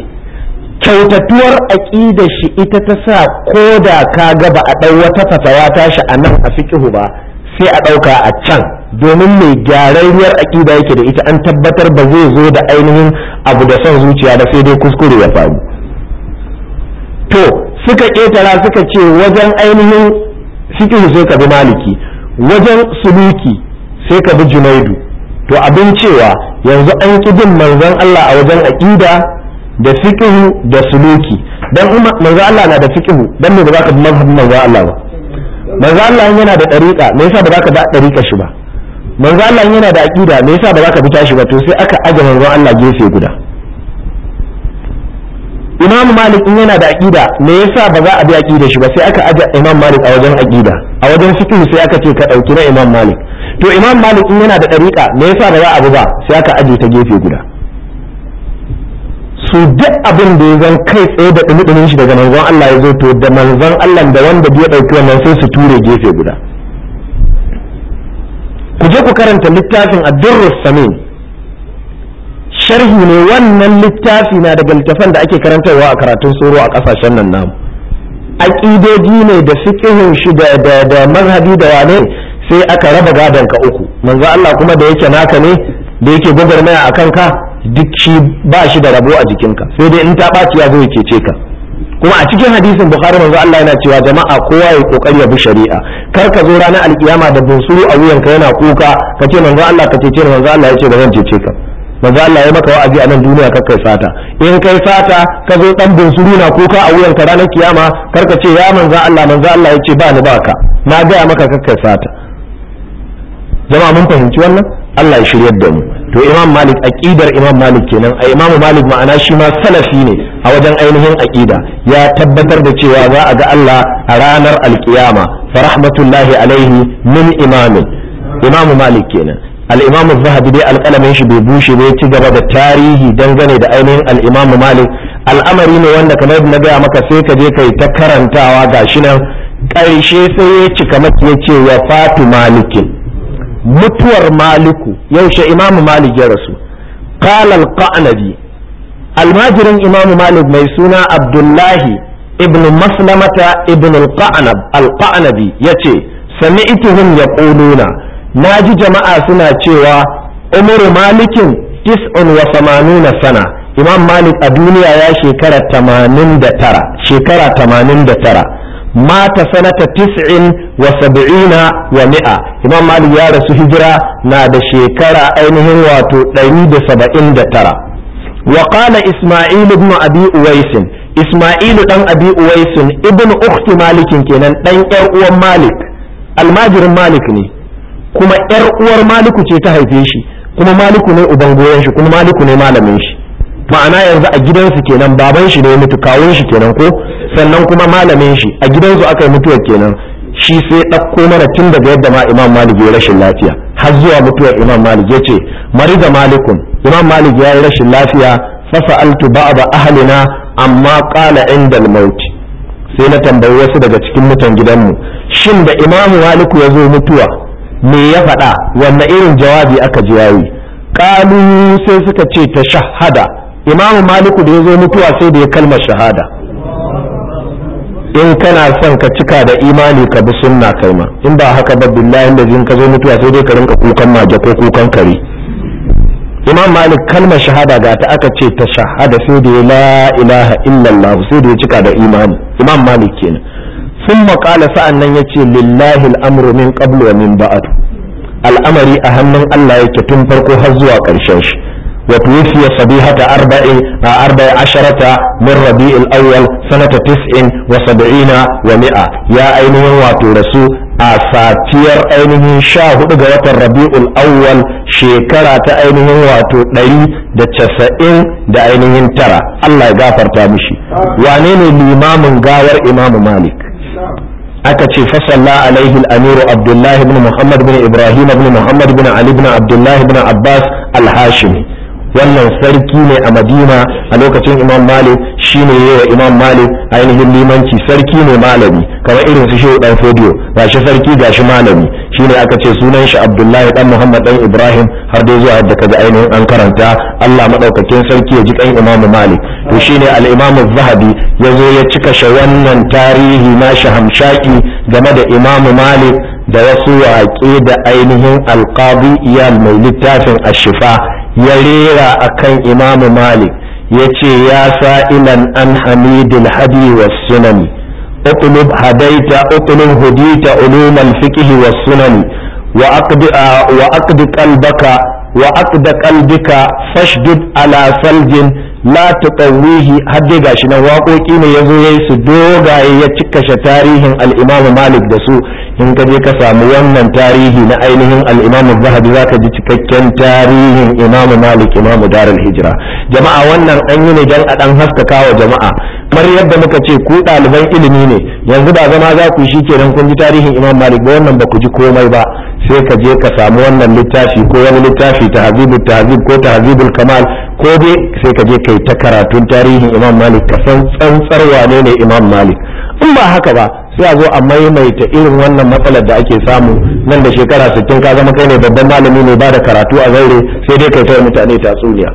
kyautatuwar aƙidar shi ita ta sa ko da ka gaba a ɗau wata fatawa ta shi a nan a fiƙihu ba sai a ɗauka a can domin mai gyararriyar aƙida yake da ita an tabbatar ba zai zo da ainihin abu da son zuciya da sai dai kuskure ya faru to suka ƙetara suka ce wajen ainihin fiqh sai ka bi maliki wajen suluki sai ka bi junaidu to abin cewa yanzu an kidin manzon Allah a wajen aqida da fiqh da suluki dan manzon Allah na da fiqh dan me ba za ka bi mazhabin manzon Allah ba manzon Allah yana da dariqa me yasa ba za ka da dariqa shi ba manzon Allah yana da aqida me yasa ba za ka bi tashi ba to sai aka aje manzon Allah gefe guda imamu malik in yana da aqida me yasa ba za a bi aqida shi ba sai aka aje imam malik a wajen aqida a wajen fiqh sai aka ce ka dauki na imam malik to imam malik in yana da dariqa me yasa ba za a bi ba sai aka aje ta gefe guda su duk abin da ya zan kai tsaye da dumudumin shi daga manzon Allah ya zo to da manzon Allah da wanda ya dauki wannan sai su ture gefe guda ku je ku karanta littafin ad as samin sharhi ne wannan littafi na daga littafan da ake karantarwa a karatun tsoro a kasashen nan namu aƙidoji ne da fiqhin shi da da mazhabi da wane sai aka raba gadon ka uku manzo Allah kuma da yake naka ne da yake gwagwarmaya a kanka duk shi ba shi da rabo a jikinka sai dai in ta ɓaci ya zo ya ce ka kuma a cikin hadisin bukhari manzo Allah yana cewa jama'a kowa ya kokari ya bi shari'a kar ka zo ranar alkiyama da bunsuru a wuyan ka yana kuka ka ce manzo Allah ka ce manzo Allah ya ce ba zan ce ka manzo Allah ya maka wa'azi a nan duniya kar kai sata in kai sata ka zo dan bunsuru na kuka a wuyan ka ranar kiyama kar ka ce ya manzo Allah manzo Allah ya ce ba ni baka na gaya maka kar kai sata jama'a mun fahimci wannan Allah ya shiryar da mu to imam malik aqidar imam malik kenan a imam malik ma'ana shi ma salafi ne a wajen ainihin aqida ya tabbatar da cewa za a ga Allah a ranar alkiyama fa rahmatullahi alaihi min imamin imam malik kenan al-imam az-zahabi dai alƙalamin shi bai bushe bai ci gaba da tarihi dangane da ainihin al-imam malik al'amari ne wanda kamar na gaya maka sai ka je kai ta karantawa gashi nan ƙarshe sai ya cika maki ya ce wa fatu malikin mutuwar maliku yaushe imamu malik ya rasu qala al-qanabi almajirin imamu malik mai suna abdullahi ibn maslamata ibn al-qanab al-qanabi yace sami'tuhum yaquluna na ji jama'a suna cewa umaru malikin tis'un wa samanuna sana imam malik a duniya ya shekara 89 shekara 89 mata sanata tis'in wa sab'ina wa mi'a imam malik ya rasu hijira na da shekara ainihin wato 179 wa qala isma'il ibn abi uwais isma'il dan abi uwais ibn ukhti malikin kenan dan yar uwan malik almajirin malik ne kuma yar uwar maliku ce ta haife shi kuma maliku ne uban goyon shi kuma maliku ne malamin shi ma'ana yanzu a gidansu kenan baban shi ne ya mutu kawun shi kenan ko sannan kuma malamin shi a gidansu aka yi mutuwar kenan shi sai ɗauko mana tun daga yadda ma imam malik ya rashin lafiya har zuwa mutuwar imam malik ya ce mariga malikun imam malik ya yi rashin lafiya fasa altu ba'da ahalina amma kala inda mauti. sai na tambayi wasu daga cikin mutan gidanmu shin da imam maliku ya zo mutuwa me ya faɗa wanda irin jawabi aka ji yayi kalu sai suka ce ta shahada imamu maliku da ya zo mutuwa sai da ya kalmar shahada in kana son ka cika da imani ka bi sunna kai ma in ba haka ba billahi da jin ka zo mutuwa sai dai ka rinka kukan maje ko kukan kare imam malik kalmar shahada ga ta aka ce ta shahada sai da la ilaha illallah sai da ya cika da imani imam malik kenan sun maƙala sa'annan nan ya ce lillahi al'amuru min wa min ba'ad al'amari a hannun Allah yake tun farko har zuwa ƙarshen shi wa tuwfiya sabihata arba'i a arba'i asharata min rabi'il awwal sanata tis'in wa sab'ina wa mi'a ya ainihin wato rasu a safiyar ainihin sha hudu ga watan rabi'ul awwal shekara ta ainihin wato ɗari da casa'in da ainihin tara Allah ya gafarta mishi wane ne limamin gawar imamu malik aka ce fasalla alaihi al-amiru abdullahi ibn muhammad ibn ibrahim ibn muhammad ibn ali ibn abdullahi ibn abbas al-hashimi wannan sarki ne a madina a lokacin imam malik shine yawa imam malik ainihin limanci sarki ne malami kamar irin su shehu dan ba gashi sarki gashi malami shine aka ce sunan shi abdullahi dan muhammad dan ibrahim har dai zuwa yadda kaga ainihin an karanta allah madaukakin sarki ya ji kan imam malik to shi al imam zahabi ya zo ya cika shi wannan tarihi na shi hamshaki game da imam malik da wasu waƙe da ainihin alqadi iyal mai littafin ashifa ya rera akan imam malik ya ce ya sa'ilan an hamidul hadi was sunani اطلب هديت اطلب هديت علوم الفقه والسنن وأقد وأقد قلبك وأقد قلبك فاشدد على ثلج لا تقويه هدي gashi nan waƙoƙi ne yazo yayi su dogaye ya cikkashe tarihin al-Imam Malik da su in ka je ka samu wannan tarihi na ainihin al-Imam zahabi zaka ji cikakken tarihin Imam Malik Imam Darul Hijra jama'a wannan an yi ne dan a dan haskaka wa jama'a kamar yadda muka ce ku ɗaliban ilimi ne yanzu ba zama za ku shi kenan kun ji tarihin Imam Malik ba wannan ba ku ji komai ba sai ka je ka samu wannan littafi ko wani littafi tahzibul tahzib ko tahzibul kamal ko dai sai ka je kai ta karatun tarihin Imam Malik ka san tsantsar wane ne Imam Malik in ba haka ba sai a zo a maimaita irin wannan matsalar da ake samu nan da shekara sittin ka zama kai ne babban malami ne ba da karatu a zaure sai dai kai tayar mutane tatsuniya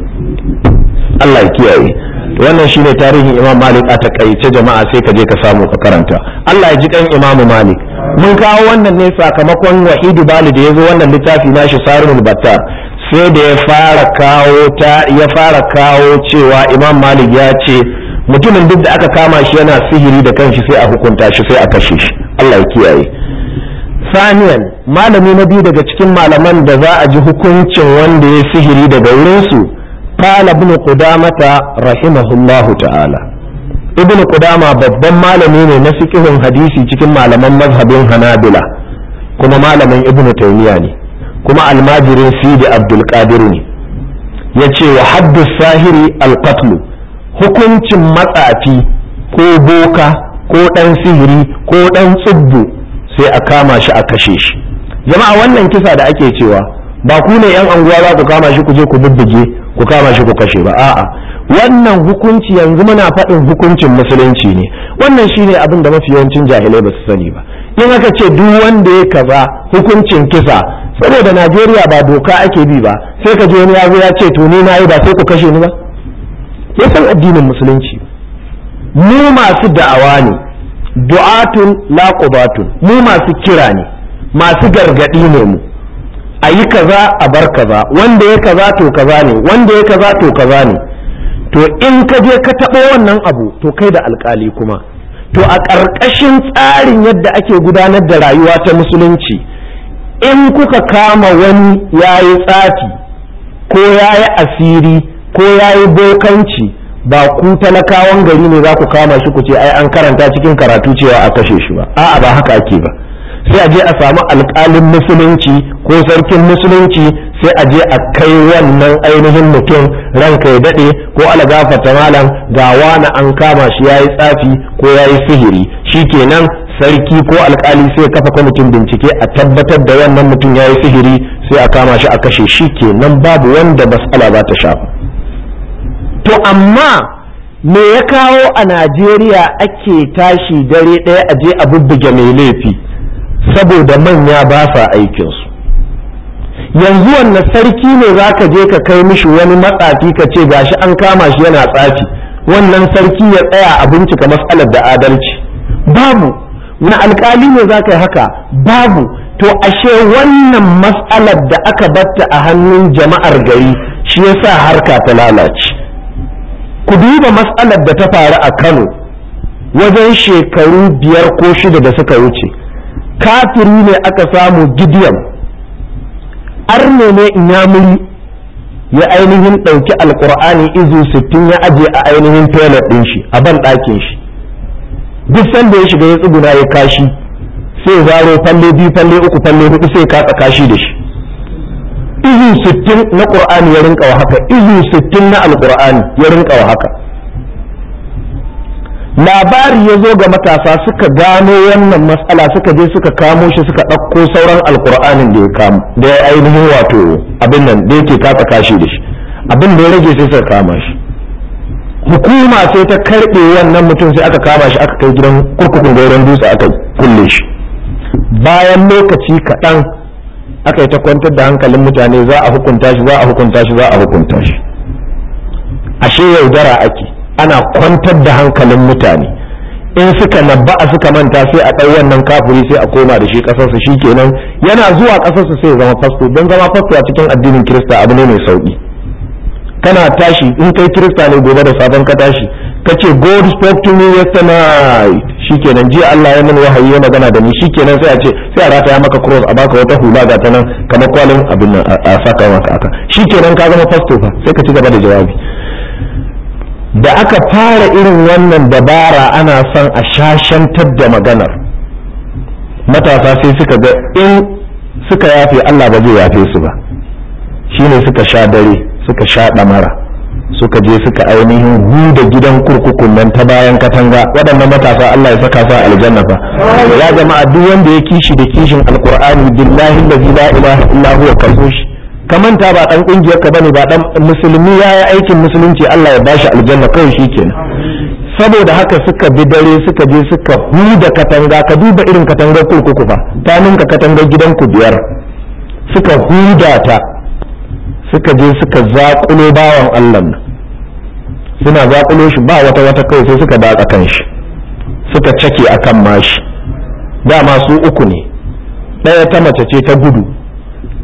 Allah ya kiyaye wannan shine tarihin Imam Malik a takaice jama'a sai ka je ka samu ka karanta Allah ya ji kan Imam Malik mun kawo wannan ne sakamakon Wahidu Bali da yazo wannan littafi nashi Sarul Battar sai da ya fara kawo ta ya fara kawo cewa Imam Malik ya ce mutumin duk da aka kama shi yana sihiri da kanshi sai a hukunta shi sai a kashe shi Allah ya kiyaye saniyan malami na biyu daga cikin malaman da za a ji hukuncin wanda ya sihiri daga wurinsu qala ibn qudamata rahimahullahu ta'ala ibn qudama babban malami ne na fiqhun hadisi cikin malaman mazhabin hanabila kuma malamin ibn taymiya ne kuma almajirin sidi abdul qadir ne yace wa haddu sahiri al hukuncin matsafi ko boka ko ɗan sihiri ko ɗan tsubbu sai a kama shi a kashe shi jama'a wannan kisa da ake cewa ba ku ne yan anguwa za ku kama shi ku je ku bubbuge ku kama shi ku kashe ba a'a wannan hukunci yanzu muna faɗin hukuncin musulunci ne wannan shine abin da mafi yawancin jahilai ba su sani ba in aka ce duk wanda ya kaza hukuncin kisa saboda najeriya ba doka ake bi ba sai ka je wani ya zo ya ce to ni na yi ba sai ku kashe ni ba ya san addinin musulunci mu masu da'awa ne du'atun laqubatun mu masu kira ne masu gargadi ne mu a yi kaza a bar kaza wanda ya kaza to kaza ne wanda ya kaza to kaza ne to in ka je ka taɓa wannan abu to kai da alƙali kuma to a ƙarƙashin tsarin yadda ake gudanar da rayuwa ta musulunci in kuka kama wani ya yi tsati ko ya yi asiri ko ya yi bokanci ba ku talakawan gari ne za ku kama shi ku ce ai an karanta cikin karatu cewa a kashe shi ba a'a ba haka ake ba sai a je a samu alƙalin musulunci ko sarkin musulunci sai a je a kai wannan ainihin mutum ran kai daɗe ko alagafata malam ga wani an kama shi ya yi tsafi ko ya yi sihiri shi kenan sarki ko alƙali sai kafa kwamitin bincike a tabbatar da wannan mutum ya yi sihiri sai a kama shi a kashe shi kenan babu wanda mas'ala ba ta shafa to amma me ya kawo a najeriya ake tashi dare ɗaya a je a bubbuge mai laifi saboda manya ba sa aikinsu yanzu wannan sarki ne za ka je ka kai mishi wani matsafi ka ce gashi an kama shi yana tsafi wannan sarki ya tsaya a bincika matsalar da adalci babu wani alkali ne za ka yi haka babu to ashe wannan matsalar da aka batta a hannun jama'ar gari shi yasa harka ta lalace ku duba matsalar da ta faru a kano wajen shekaru biyar ko shida da suka wuce kafiri ne aka samu gideon arne ne inyamuri ya ainihin ɗauki alkur'ani izu sittin ya aje a ainihin toilet ɗin shi a ban ɗakin shi duk sanda ya shiga ya tsuguna ya kashi sai zaro falle biyu falle uku falle hudu sai katsa kashi da shi izu sittin na ƙur'ani ya rinka wa haka izu sittin na alƙur'ani ya rinka wa haka labari ya zo ga matasa suka gano wannan matsala suka je suka kamo shi suka ɗauko sauran alƙur'anin da ya kamo da ya ainihin wato abin nan da yake kasa kashi da shi abin da ya rage sai suka kama shi hukuma sai ta karɓe wannan mutum sai aka kama shi aka kai gidan kurkukun gauran dutse aka kulle shi bayan lokaci kaɗan aka yi ta kwantar da hankalin mutane za a hukunta shi za a hukunta shi za a hukunta shi ashe yaudara ake ana kwantar da hankalin mutane in suka a suka manta sai a ɗau wannan kafuri sai a koma da shi ƙasarsa shi kenan yana zuwa ƙasarsa sai zama fasto don zama fasto a cikin addinin kirista abu ne mai sauƙi kana tashi in kai kirista ne gobe da sabon ka tashi ka ce god spoke to me yesterday shikenan jiya Allah ya mini wahayi ya magana da ni shikenan sai a ce sai a rataya maka cross a baka wata hula ga ta nan kamar kwalin abin nan a saka maka aka shikenan ka zama fasto fa sai ka ci gaba da jawabi da aka fara irin wannan dabara ana son a shashantar da maganar matasa sai suka ga in suka yafe Allah ba zai yafe su ba shine suka sha dare suka sha damara suka je suka ainihin da gidan kurkukun nan ta bayan katanga waɗannan matasa Allah ya saka sa aljanna fa ya jama'a duk wanda ya kishi da kishin alqur'ani billahi la ilaha illa huwa ka manta ba dan kungiyar ka bane ba dan musulmi ya yi aikin musulunci Allah ya bashi aljanna kawai shikenan saboda haka suka bi dare suka je suka huda katanga ka duba irin katangar kurkuku ba. ta ninka katangar gidan ku biyar suka huda ta suka je suka zaƙulo bawan Allah nan suna zaƙulo shi ba wata wata kai sai suka datsa kan shi suka cake a kan mashi dama su uku ne ɗaya ta mace ce ta gudu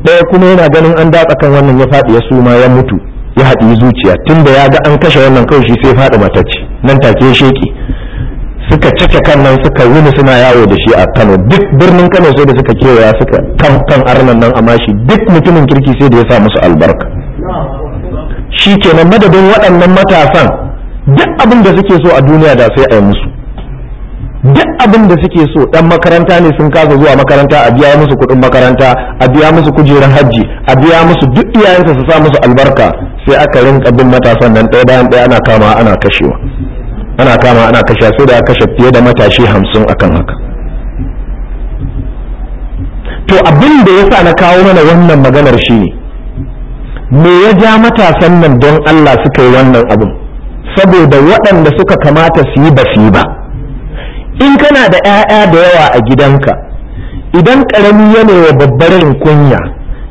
ɗaya kuma yana ganin an datsa kan wannan ya faɗi ya suma ya mutu ya haɗi zuciya tun da ya ga an kashe wannan kawai shi sai faɗi matacce nan take sheki suka cake kan nan suka wuni suna yawo da shi a kano duk birnin kano sai da suka kewaya suka kan kan arnan nan a mashi duk mutumin kirki sai da ya sa musu albarka shi ke nan madadin waɗannan matasan duk abin da suke so a duniya da sai a yi musu duk abin da suke so dan makaranta ne sun kasa zuwa makaranta a biya musu kuɗin makaranta a biya musu kujerar hajji a biya musu duk iyayensa su sa musu albarka sai aka rinka bin matasan nan ɗaya bayan ɗaya ana kama ana kashewa ana kama ana kashe sai da kashe fiye da matashi hamsin akan haka to abin da yasa na kawo mana wannan maganar shi ne me ya ja matasan nan don Allah suka yi wannan abin saboda waɗanda suka kamata su yi ba su yi ba in kana da 'ya'ya da yawa a gidanka idan ƙarami yana wa babbarin kunya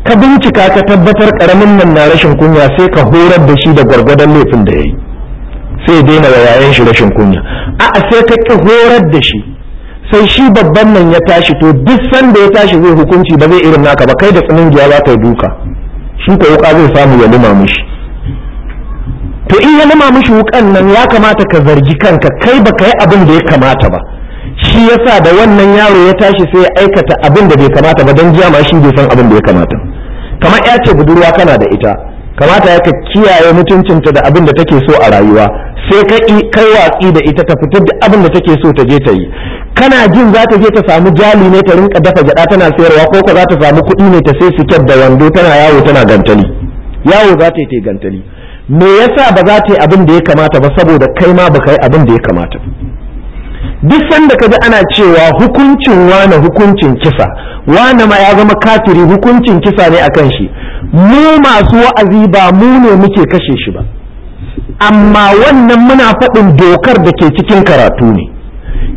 ka bincika ka tabbatar ƙaramin nan na rashin kunya sai ka horar da shi da gwargwadon laifin da ya yi sai daina wa yayan shi rashin kunya a'a sai ka ƙi horar da shi sai shi babban nan ya tashi to duk sanda ya tashi zai hukunci ba zai irin naka ba kai da tsinin giya za ta yi duka shi ko wuka zai samu ya numa mishi to in ya numa mishi wukan nan ya kamata ka zargi kanka kai ba ka yi abin da ya kamata ba shi yasa da wannan yaro ya tashi sai ya aikata abin da bai kamata ba don ma shi bai san abin da ya kamata kamar ya ce budurwa kana da ita kamata ya ka kiyaye mutuncinta da abin da take so a rayuwa sai ka kai watsi da ita ta fitar da abin da take so ta je ta yi kana jin za ta je ta samu jali ne ta rinka dafa gyada tana sayarwa ko ko za ta samu kuɗi ne ta sai siket da wando tana yawo tana gantali yawo za ta yi ta gantali me yasa ba za ta yi abin da ya kamata ba saboda kai ma baka yi abin da ya kamata duk sanda ka ji ana cewa hukuncin wane hukuncin kisa wane ma ya zama kafiri hukuncin kisa ne akan shi mu masu wa'azi ba mu ne muke kashe shi ba amma wannan muna faɗin dokar da ke cikin karatu ne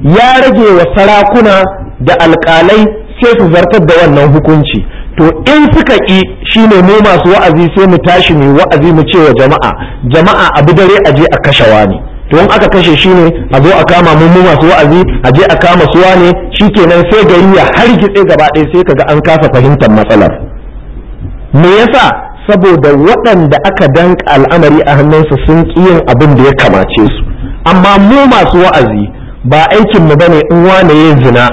ya rage wa sarakuna da alkalai sai su zartar da wannan hukunci to in suka ƙi shine mu masu wa'azi sai mu tashi mu wa'azi mu ce wa jama'a jama'a abu dare a je a kashe wani to in aka kashe shi ne a zo a kama mu mu masu wa'azi a je a kama suwa ne shikenan sai gari ya hargitse gaba ɗaya sai kaga an kasa fahimtar matsalar me yasa saboda waɗanda aka danka al'amari a hannunsu sun ƙi yin abin da ya kamace su amma mu masu wa'azi ba aikin mu bane in wane ya zina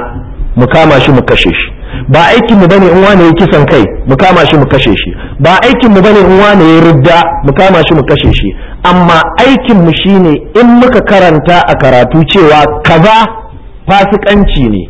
mu kama shi mu kashe shi ba aikin mu bane in wane ya kisan kai mu kama shi mu kashe shi ba aikin mu bane in wane ya ridda mu kama shi mu kashe shi amma aikin mu shine in muka karanta a karatu cewa kaza fasikanci ne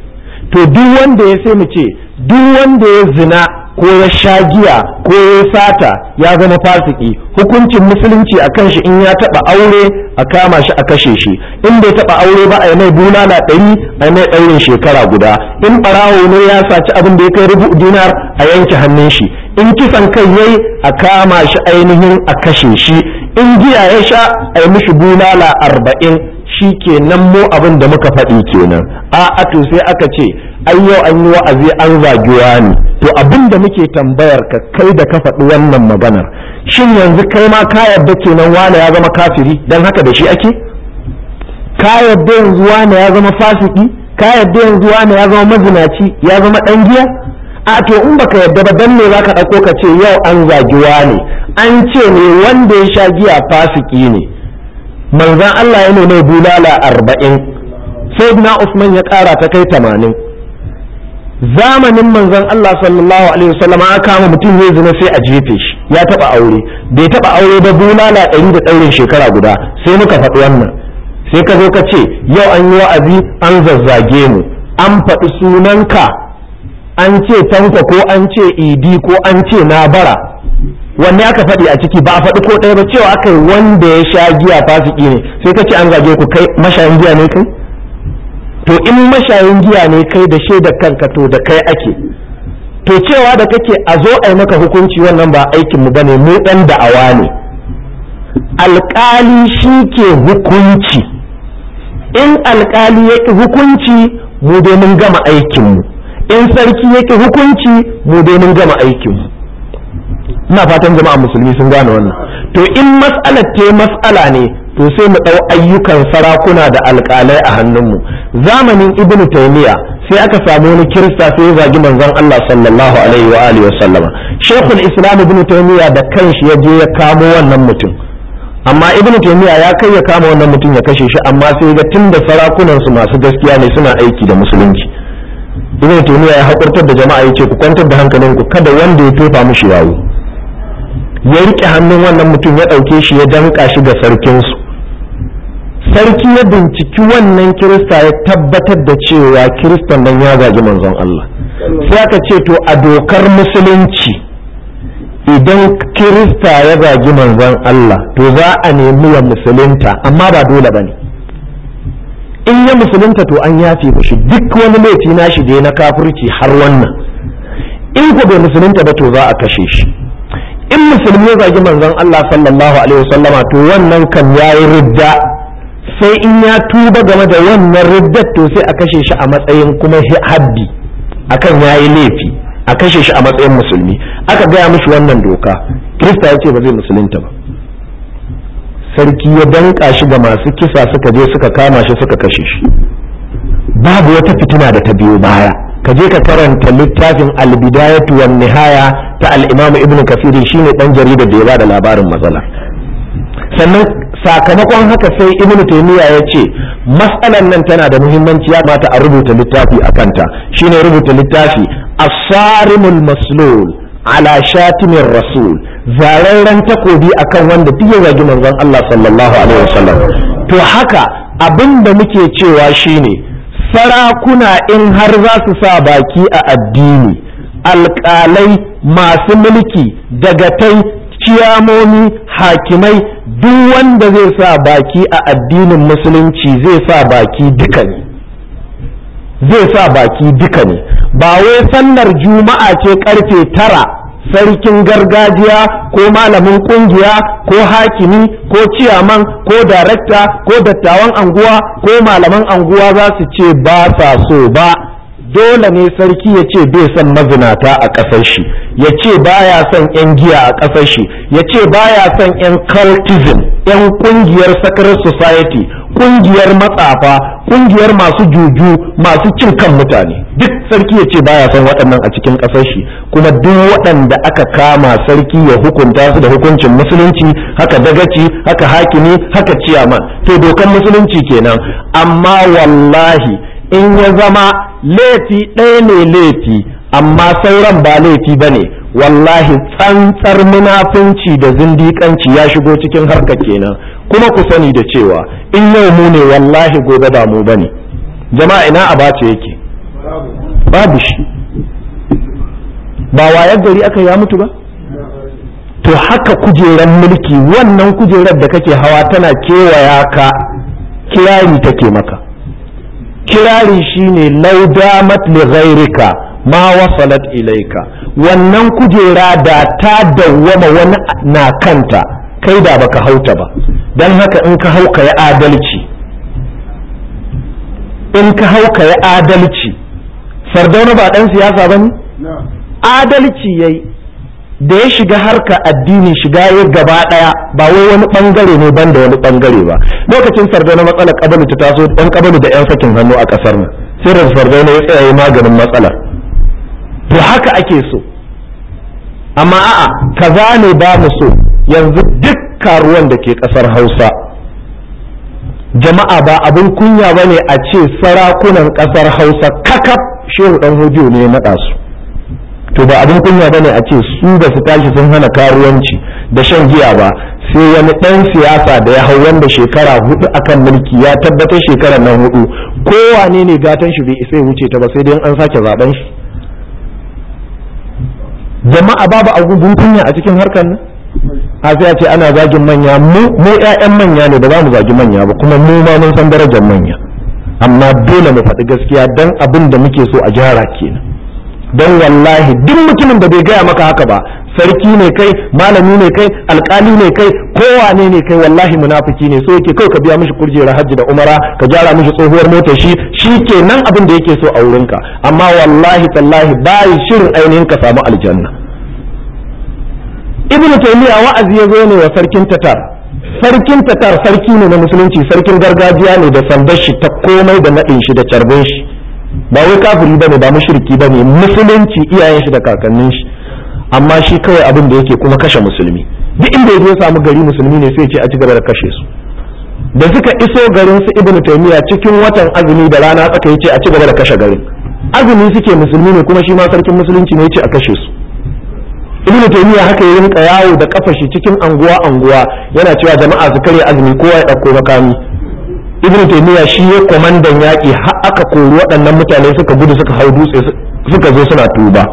to duk wanda ya sai mu ce duk wanda ya zina ko ya sha giya ko ya sata ya zama fasiki hukuncin musulunci a kan shi in ya taba aure a kama shi a kashe shi in bai taba aure ba a yi mai bulala ɗari a yi mai ɗaurin shekara guda in ɓarawo ne ya saci abin da ya kai rubu dinar a yanke hannun shi in kisan kai yayi a kama shi ainihin a kashe shi in giya ya sha a yi mishi bulala arba'in shi nan mu abin da muka faɗi kenan a to sai aka ce an yau an yi wa'azi an zagiwa ne to abin da muke tambayar ka kai da ka faɗi wannan maganar shin yanzu kai ma ka yarda kenan wane ya zama kafiri dan haka da shi ake ka yarda yanzu wane ya zama fasiki ka yarda yanzu wane ya zama mazinaci ya zama ɗan giya a to in baka yarda ba dan me zaka ɗauko ka ce yau an zagiwa ne an ce ne wanda ya sha giya fasiki ne manzan Allah ya nuna bulala arba'in sai na Usman ya kara ta kai tamanin zamanin manzan Allah sallallahu alaihi wasallam aka kama mutum ya zina sai a jefe shi ya taba aure bai taba aure ba bulala ɗari da ɗaurin shekara guda sai muka faɗi wannan sai ka zo ka ce yau an yi wa'azi an zazzage mu an faɗi sunanka an ce tanka ko an ce idi ko an ce na bara wanne aka faɗi a ciki ba a faɗi ko ɗaya ba cewa aka yi wanda ya sha giya fasiki ne sai ka ce an gaje ku kai mashayin giya ne kai to in mashayin giya ne kai da shaida kanka to da kai ake to cewa da kake a zo a yi maka hukunci wannan ba aikin mu bane mu ɗan da'awa ne alƙali shi ke hukunci in alƙali ya ƙi hukunci mu dai mun gama aikinmu in sarki ya ƙi hukunci mu dai mun gama aikinmu ina fatan jama'a musulmi sun gane wannan to in mas'ala ce mas'ala ne to sai mu ɗau ayyukan sarakuna da alƙalai a hannunmu zamanin ibn taymiya sai aka samu wani kirista sai ya zagi manzon Allah sallallahu alaihi wa alihi wasallama islam ibn taymiya da kanshi ya je ya kamo wannan mutum amma ibnu taymiya ya kai ya kama wannan mutum ya kashe shi amma sai ga tunda sarakunan su masu gaskiya ne suna aiki da musulunci ibn taymiya ya hakurtar da jama'a yake ku kwantar da hankalinku kada wanda ya tofa mushi yawo ya riƙe hannun wannan mutum ya ɗauke shi ya danka shi ga sarkinsu sarki ya binciki wannan kirista ya tabbatar da cewa kiristan nan ya gaji manzon Allah sai aka ce to a dokar musulunci idan kirista ya zagi manzon Allah to za a nemi ya musulunta amma ba dole ba ne in ya musulunta to an yafe shi duk wani laifi na shi da na kafirci har wannan in ku bai musulunta ba to za a kashe shi in musulmi ya zagi manzon Allah sallallahu alaihi wasallama to wannan kan yayi ridda sai in ya tuba game da wannan riddar to sai a kashe shi a matsayin kuma haddi akan yayi laifi a kashe shi a matsayin musulmi aka gaya mishi wannan doka kirista ya ce ba zai musulunta ba sarki ya danka shi ga masu kisa suka je suka kama shi suka kashe shi babu wata fitina da ta biyo baya ka je ka karanta littafin albidayatu wan nihaya ta al-imam ibnu kafiri shine ɗan jarida da ya da labarin matsala sannan sakamakon haka sai Ibn Taimiyya ya ce matsalan nan tana da muhimmanci ya mata a rubuta littafi a kanta shine rubuta littafi as-sarimul maslul ala shatimin rasul zararren takobi akan wanda duk ya zagi manzon Allah sallallahu alaihi wasallam to haka abinda muke cewa shine sarakuna in har za su sa baki a addini alƙalai masu mulki dagatai ciyamomi hakimai duk wanda zai sa baki a addinin musulunci zai sa baki duka ne zai sa baki duka ne ba wai sallar juma'a ce karfe tara sarkin gargajiya ko malamin kungiya ko hakimi ko ciyaman ko darakta ko dattawan anguwa ko malaman anguwa za su ce ba sa so ba dole ne sarki ya ce bai son mazinata a ƙasar shi ya ce ba ya son 'yan giya a ƙasar shi ya ce ba ya son 'yan cultism 'yan ƙungiyar sakarar society ƙungiyar matsafa ƙungiyar masu juju masu cin kan mutane duk sarki ya ce ba ya son waɗannan a cikin ƙasar shi kuma duk waɗanda aka kama sarki ya hukunta su da hukuncin musulunci haka dagaci haka hakimi haka ciyaman to dokan musulunci kenan amma wallahi in ya zama laifi ɗaya ne laifi amma sauran ba laifi ba ne wallahi tsantsar munafunci da zindiƙanci ya shigo cikin harka kenan kuma ku sani da cewa in yau mu ne wallahi gobe ba mu ba ne jama'a ina abace yake babu shi ba wayar gari aka ya mutu ba to haka kujerar mulki wannan kujerar da kake hawa tana kewaya ka kirari take maka kirari shine laudamat li ghairika ma wasalat ilaika wannan kujera da ta dawwama wani na kanta kai da baka hauta ba don haka in ka hau ka yi adalci in ka hauka ya adalci sardauna ba ɗan siyasa ba adalci yayi da ya shiga harka addini shiga ya gaba daya ba wai wani bangare ne ban da wani bangare ba lokacin sardauna matsalar kabalu ta taso dan kabalu da yan sakin hannu a kasar nan sai da sardauna ya tsaya maganin matsalar to haka ake so amma a'a kaza ne ba mu so yanzu duk karuwan da ke kasar Hausa jama'a ba abin kunya bane a ce sarakunan kasar Hausa kakaf shehu dan hudiyo ne ya nada su to ba abin kunya bane a ce su ba su tashi sun hana karuwanci da shan giya ba sai wani ɗan siyasa da ya hau wanda shekara hudu akan mulki ya tabbatar shekarar nan hudu kowane ne gatan shi bai isa ya wuce ta ba sai dai an sake zaben shi jama'a babu abubuwan kunya a cikin harkar nan a sai a ce ana zagin manya mu mu ƴaƴan manya ne ba za mu zagi manya ba kuma mu ma mun san darajar manya amma dole mu faɗi gaskiya dan abin da muke so a jihar kenan don wallahi duk mutumin da bai gaya maka haka ba sarki ne kai malami ne kai alkali ne kai kowa ne kai wallahi munafiki ne so yake kai ka biya mishi kurjera hajji da umara ka gyara mishi tsohuwar mota shi shi ke nan abin da yake so a wurinka amma wallahi tallahi bayi shirin ainihin ka samu aljanna ibn taymiya wa'azi ya zane ne wa sarkin tatar sarkin tatar sarki ne na musulunci sarkin gargajiya ne da sandar shi ta komai da nadin shi da carbin shi ba wai kafiri bane ba mushriki bane musulunci iyayen shi da kakannin shi amma shi kawai abin da yake kuma kashe musulmi duk inda ya samu gari musulmi ne sai ce a ci gaba da kashe su da suka iso garin su ibnu taymiya cikin watan azumi da rana tsaka yace a ci gaba da kashe garin azumi suke musulmi ne kuma shi ma sarkin musulunci ne yace a kashe su ibnu taymiya haka ya rinka yawo da kafa shi cikin anguwa anguwa yana cewa jama'a su kare azumi kowa ya dauko makami ibn taymiya shi ya komandan yaƙi har aka kori waɗannan mutane suka gudu suka hau dutse suka zo suna tuba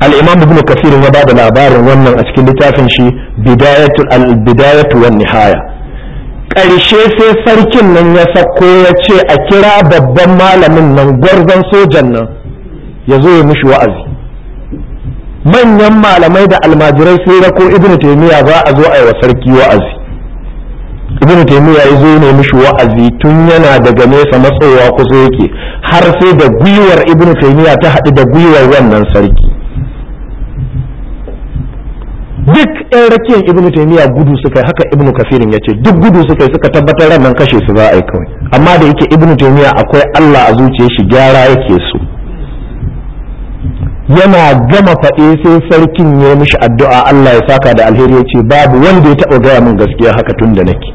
al-imam ibn kafir ya bada labarin wannan a cikin littafin shi bidayatu al-bidayatu wan nihaya ƙarshe sai sarkin nan ya sako ya ce a kira babban malamin nan gwarzon sojan nan ya zo ya mushi wa'azi manyan malamai da almajirai sai rako ibn taymiya za a zo a yi wa sarki wa'azi ibnu taymiya ya zo ne mishi wa'azi tun yana daga nesa matsowa kusa yake har sai da gwiwar ibnu taymiya ta haɗu da gwiwar wannan sarki duk ɗan rakiyar ibnu taymiya gudu suka haka ibnu kafirin ya ce duk gudu suka suka tabbatar ran nan kashe su za a yi kawai amma da yake ibnu taymiya akwai Allah a zuciyar shi gyara yake so yana gama faɗe sai sarkin ya mishi addu'a Allah ya saka da alheri ya ce babu wanda ya taɓa gaya min gaskiya haka tun da nake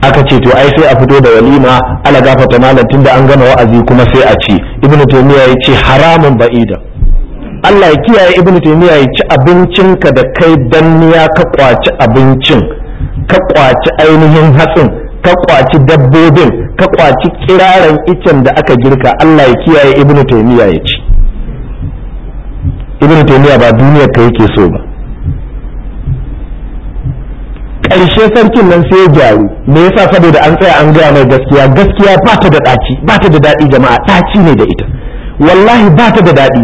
aka ce to ai sai a fito da walima ala gafata malam tun da an gama wa'azi kuma sai a ce ibnu taymiya ya ce haramun ba'ida Allah ya kiyaye ibnu taymiya ya ci abincin ka da kai danniya ka kwaci abincin ka kwaci ainihin hatsin ka kwaci dabbobin ka kwaci kiraren icen da aka girka Allah ya kiyaye ibnu taymiya ya ci ibnu taymiya ba duniyar ka yake so ba ƙarshe sarkin nan sai ya gyaru me yasa saboda an tsaya an gaya mai gaskiya gaskiya ba ta da ɗaci ba ta da daɗi jama'a ɗaci ne da ita wallahi ba ta da daɗi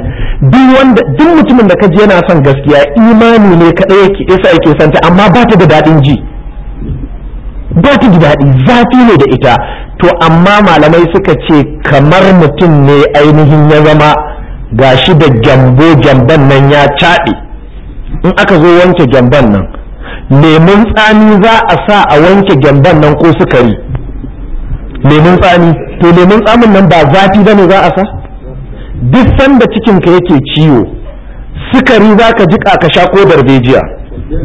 duk wanda duk mutumin da kaji yana son gaskiya imani ne kaɗai yake yasa yake santa amma ba ta da daɗin ji ba ta ji daɗi zafi ne da ita to amma malamai suka ce kamar mutum ne ainihin ya zama ga shi da gyambo gyamban nan ya caɗe in aka zo wanke gyamban nan lemun tsami za a sa a wanke gyamban nan ko sukari lemun tsami to lemun tsamin nan ba zafi ba ne za a sa duk sanda cikinka yake ciwo sukari za ka jiƙa ka sha ko darbejiya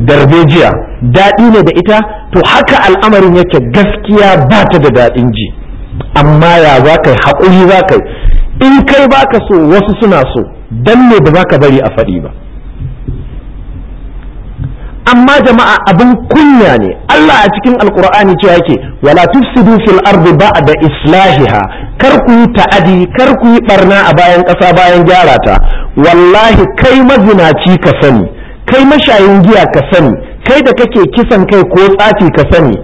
darbejiya daɗi ne da ita to haka al'amarin yake gaskiya ba ta da daɗin ji amma ya za ka yi haƙuri za ka in kai ba ka so wasu suna so dan ne ba za ka bari a faɗi ba amma jama'a abin kunya ne Allah a cikin alkur'ani cewa yake wala tufsidu fil ardi ba'da islahiha kar ku yi ta'adi kar ku yi barna a bayan ƙasa bayan gyara ta wallahi kai mazinaci ka sani kai mashayin giya ka sani kai da kake kisan kai ko tsafi ka sani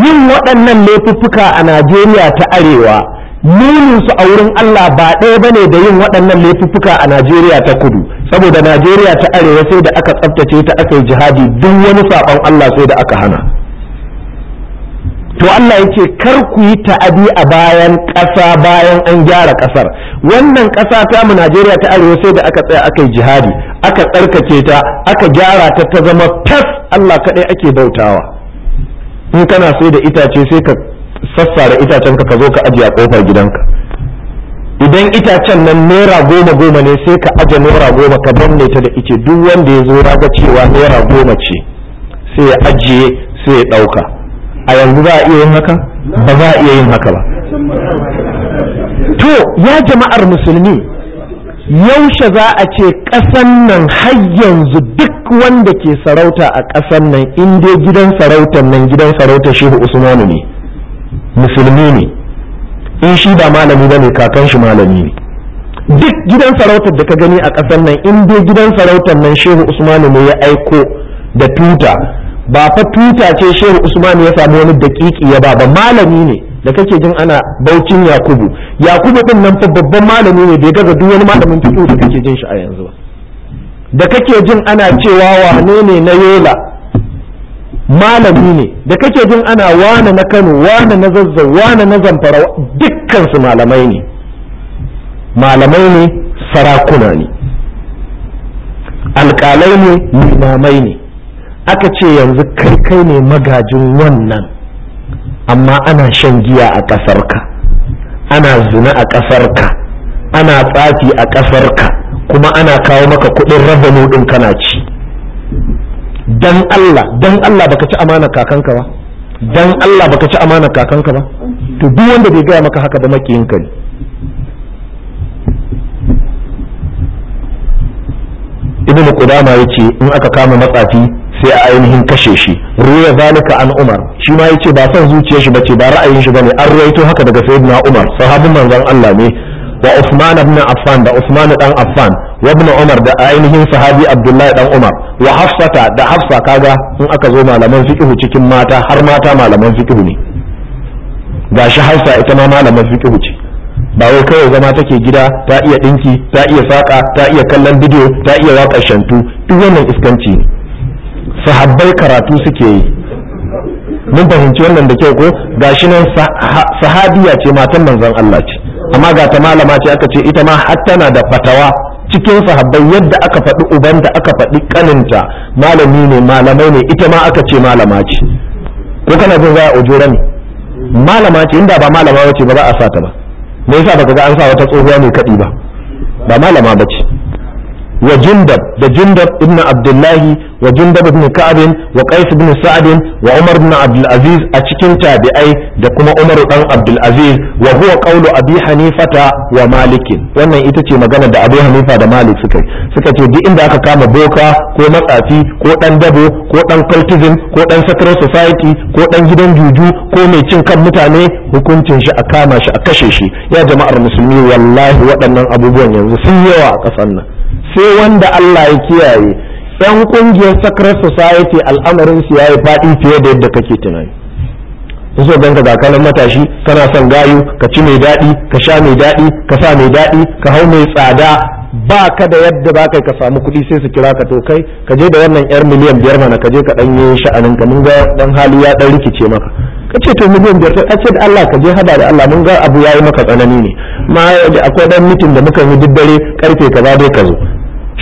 yin waɗannan laifuffuka a najeriya ta arewa nuninsu a wurin allah ba ɗaya bane da yin waɗannan laifuffuka a najeriya ta kudu saboda najeriya ta arewa sai da aka tsaftace ta aka yi jihadi duk wani saɓon allah sai da aka hana to Allah ya ce kar ku yi ta'adi a bayan ƙasa bayan an gyara ƙasar wannan ƙasa ta mu Najeriya ta arewa sai da aka tsaya aka yi jihadi aka tsarkake ta aka gyara ta ta zama tas Allah kaɗai ake bautawa in kana sai da itace sai ka sassara itacen ka zo ka ajiye a kofar gidanka idan itacen nan naira goma goma ne sai ka aje naira goma ka danne ta da ice duk wanda ya zo ga cewa naira goma ce sai ya ajiye sai ya ɗauka a yanzu za a iya yin haka ba za a iya yin haka ba to ya jama'ar musulmi yaushe za a ce ƙasan nan har yanzu duk wanda ke sarauta a ƙasan nan in dai gidan sarautar nan gidan sarautar shehu usmanu ne musulmi ne in shi ba malami ba ne kakan shi malami ne duk gidan sarautar da ka gani a ƙasan nan in dai gidan sarautar nan shehu usmanu ne ya aiko da tuta ba fa tuta ce shehu usmanu ya samu wani daƙiƙi ya ba ba malami ne da kake jin ana baucin yakubu yakubu din nan fa babban malami ne bai gaza duk wani malamin fito da kake jin shi a yanzu ba da kake jin ana cewa wane ne na yola malami ne da kake jin ana wane na kano wane na zazzau wane na zamfara dukkan su malamai ne malamai ne sarakuna ne alƙalai ne limamai ne aka ce yanzu kai kai ne magajin wannan amma ana shan giya a ƙasarka ana zina a ƙasarka ana tsafi a ƙasarka kuma ana kawo maka kuɗin rabano ɗin kana ci dan Allah dan Allah baka ci amana kakanka ba dan Allah baka ci amana kakanka ba to duk wanda bai gaya maka haka ba makiyinka ne ibnu qudama yace in aka kama matsafi sai a ainihin kashe shi ruwa zalika an umar shi ma yace ba son zuciyar shi bace ba ra'ayin shi bane an ruwaito haka daga sayyidina umar sahabin manzon Allah ne wa Usman ibn Affan da Usman dan Affan wa ibn Umar da ainihin sahabi abdullahi dan Umar wa Hafsata da Hafsa kaga in aka zo malaman fiqhu cikin mata har mata malaman fiqhu ne gashi Hafsa ita ma malaman fiqhu ce ba wai kawai zama take gida ta iya dinki ta iya saka ta iya kallon bidiyo ta iya waka shantu duk wannan iskanci ne sahabbai karatu suke yi mun fahimci wannan da kyau ko gashi nan sahabiya ce matan manzon Allah ce amma ga ta malama ce aka ce ita ma har tana da fatawa cikin sahabbai yadda aka faɗi da aka faɗi kaninta malami ne malamai ne ita ma aka ce malama ce ko kana jin zaya a ujura ne malama ce inda ba malama wace ba za a sa ta ba me yasa baka ga an sa wata tsohuwa ne kaɗi ba ba malama ba ce wa jundab da jundab ibn abdullahi wa jundab ibn ka'ab wa qais ibn sa'ad wa umar ibn abdul aziz a cikin tabi'ai da kuma umar dan abdul aziz wa huwa abi hanifata wa malik wannan ita ce magana da abu hanifa da malik suka suka ce duk inda aka kama boka ko matsafi ko dan dabo ko dan cultism ko dan secret society ko dan gidan juju ko mai cin kan mutane hukuncin shi a kama shi a kashe shi ya jama'ar musulmi wallahi waɗannan abubuwan yanzu sun yawa a ƙasar nan sai wanda Allah ya kiyaye ɗan ƙungiyar Sacred Society al'amarin su yi faɗi fiye da yadda kake tunani in so ganka ga kanan matashi kana son gayu ka ci mai daɗi ka sha mai daɗi ka sa mai daɗi ka hau mai tsada ba ka da yadda ba kai ka samu kuɗi sai su kira ka to kai ka je da wannan yar miliyan biyar mana ka je ka ɗan yi sha'anin ka mun ga ɗan hali ya ɗan rikice maka ka ce to miliyan biyar ta ce da Allah ka je hada da Allah mun ga abu ya yi maka tsanani ne ma akwai ɗan mitin da muka yi duk dare karfe kaza dai ka zo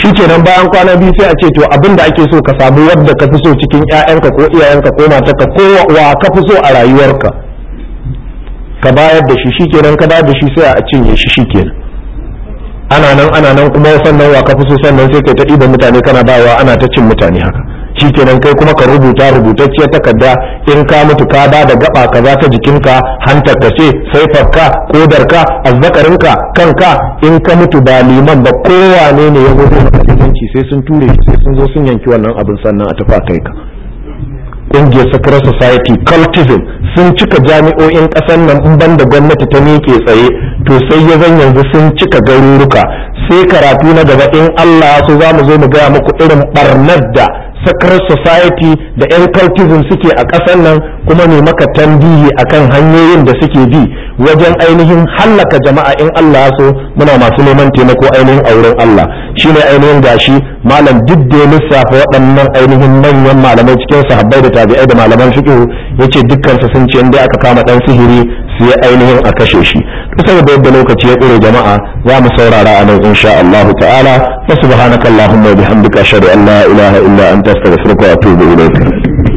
shi kenan bayan kwana biyu sai a ce to abin da ake so ka samu wadda ka fi so cikin ƴaƴanka ko iyayenka ko matarka ko wa ka fi so a rayuwarka ka bayar da shi shi shikenan ka bayar da shi sai a cinye shi shi nan ana nan ana nan kuma sannan wa ka fi so sannan sai kai ta ɗiban mutane kana bayawa ana ta cin mutane haka kenan kai kuma ka rubuta rubutacciyar takarda in ka mutu ka ba da gaba kaza ta jikinka hantar ka ce saifarka kodarka azzakarinka kanka in ka mutu ba liman ba kowane ne ya gudu musulunci sai sun ture sai sun zo sun yanki wannan abin sannan a tafa kai ka ƙungiyar sakarar Society cultism sun cika jami'o'in ƙasar nan in ban da gwamnati ta miƙe tsaye to sai ya zan yanzu sun cika garuruka sai karatu na gaba in Allah so za mu zo mu gaya muku irin barnar da sakar society da yan cultism suke a ƙasar nan kuma ne maka tambihi akan hanyoyin da suke bi wajen ainihin hallaka jama'a in Allah so muna masu neman taimako ainihin a wurin Allah shine ainihin gashi malam duk da lissafa waɗannan ainihin manyan malamai cikin sahabbai da tabi'ai da malaman fiqh yace dukkan su sun ce inda aka kama dan sihiri sai ainihin a kashe shi kusa da yadda lokaci ya tsere jama'a za mu saurara a nan insha Allah ta'ala fa subhanakallahumma wa bihamdika ashhadu an la ilaha illa anta astaghfiruka wa atubu ilayk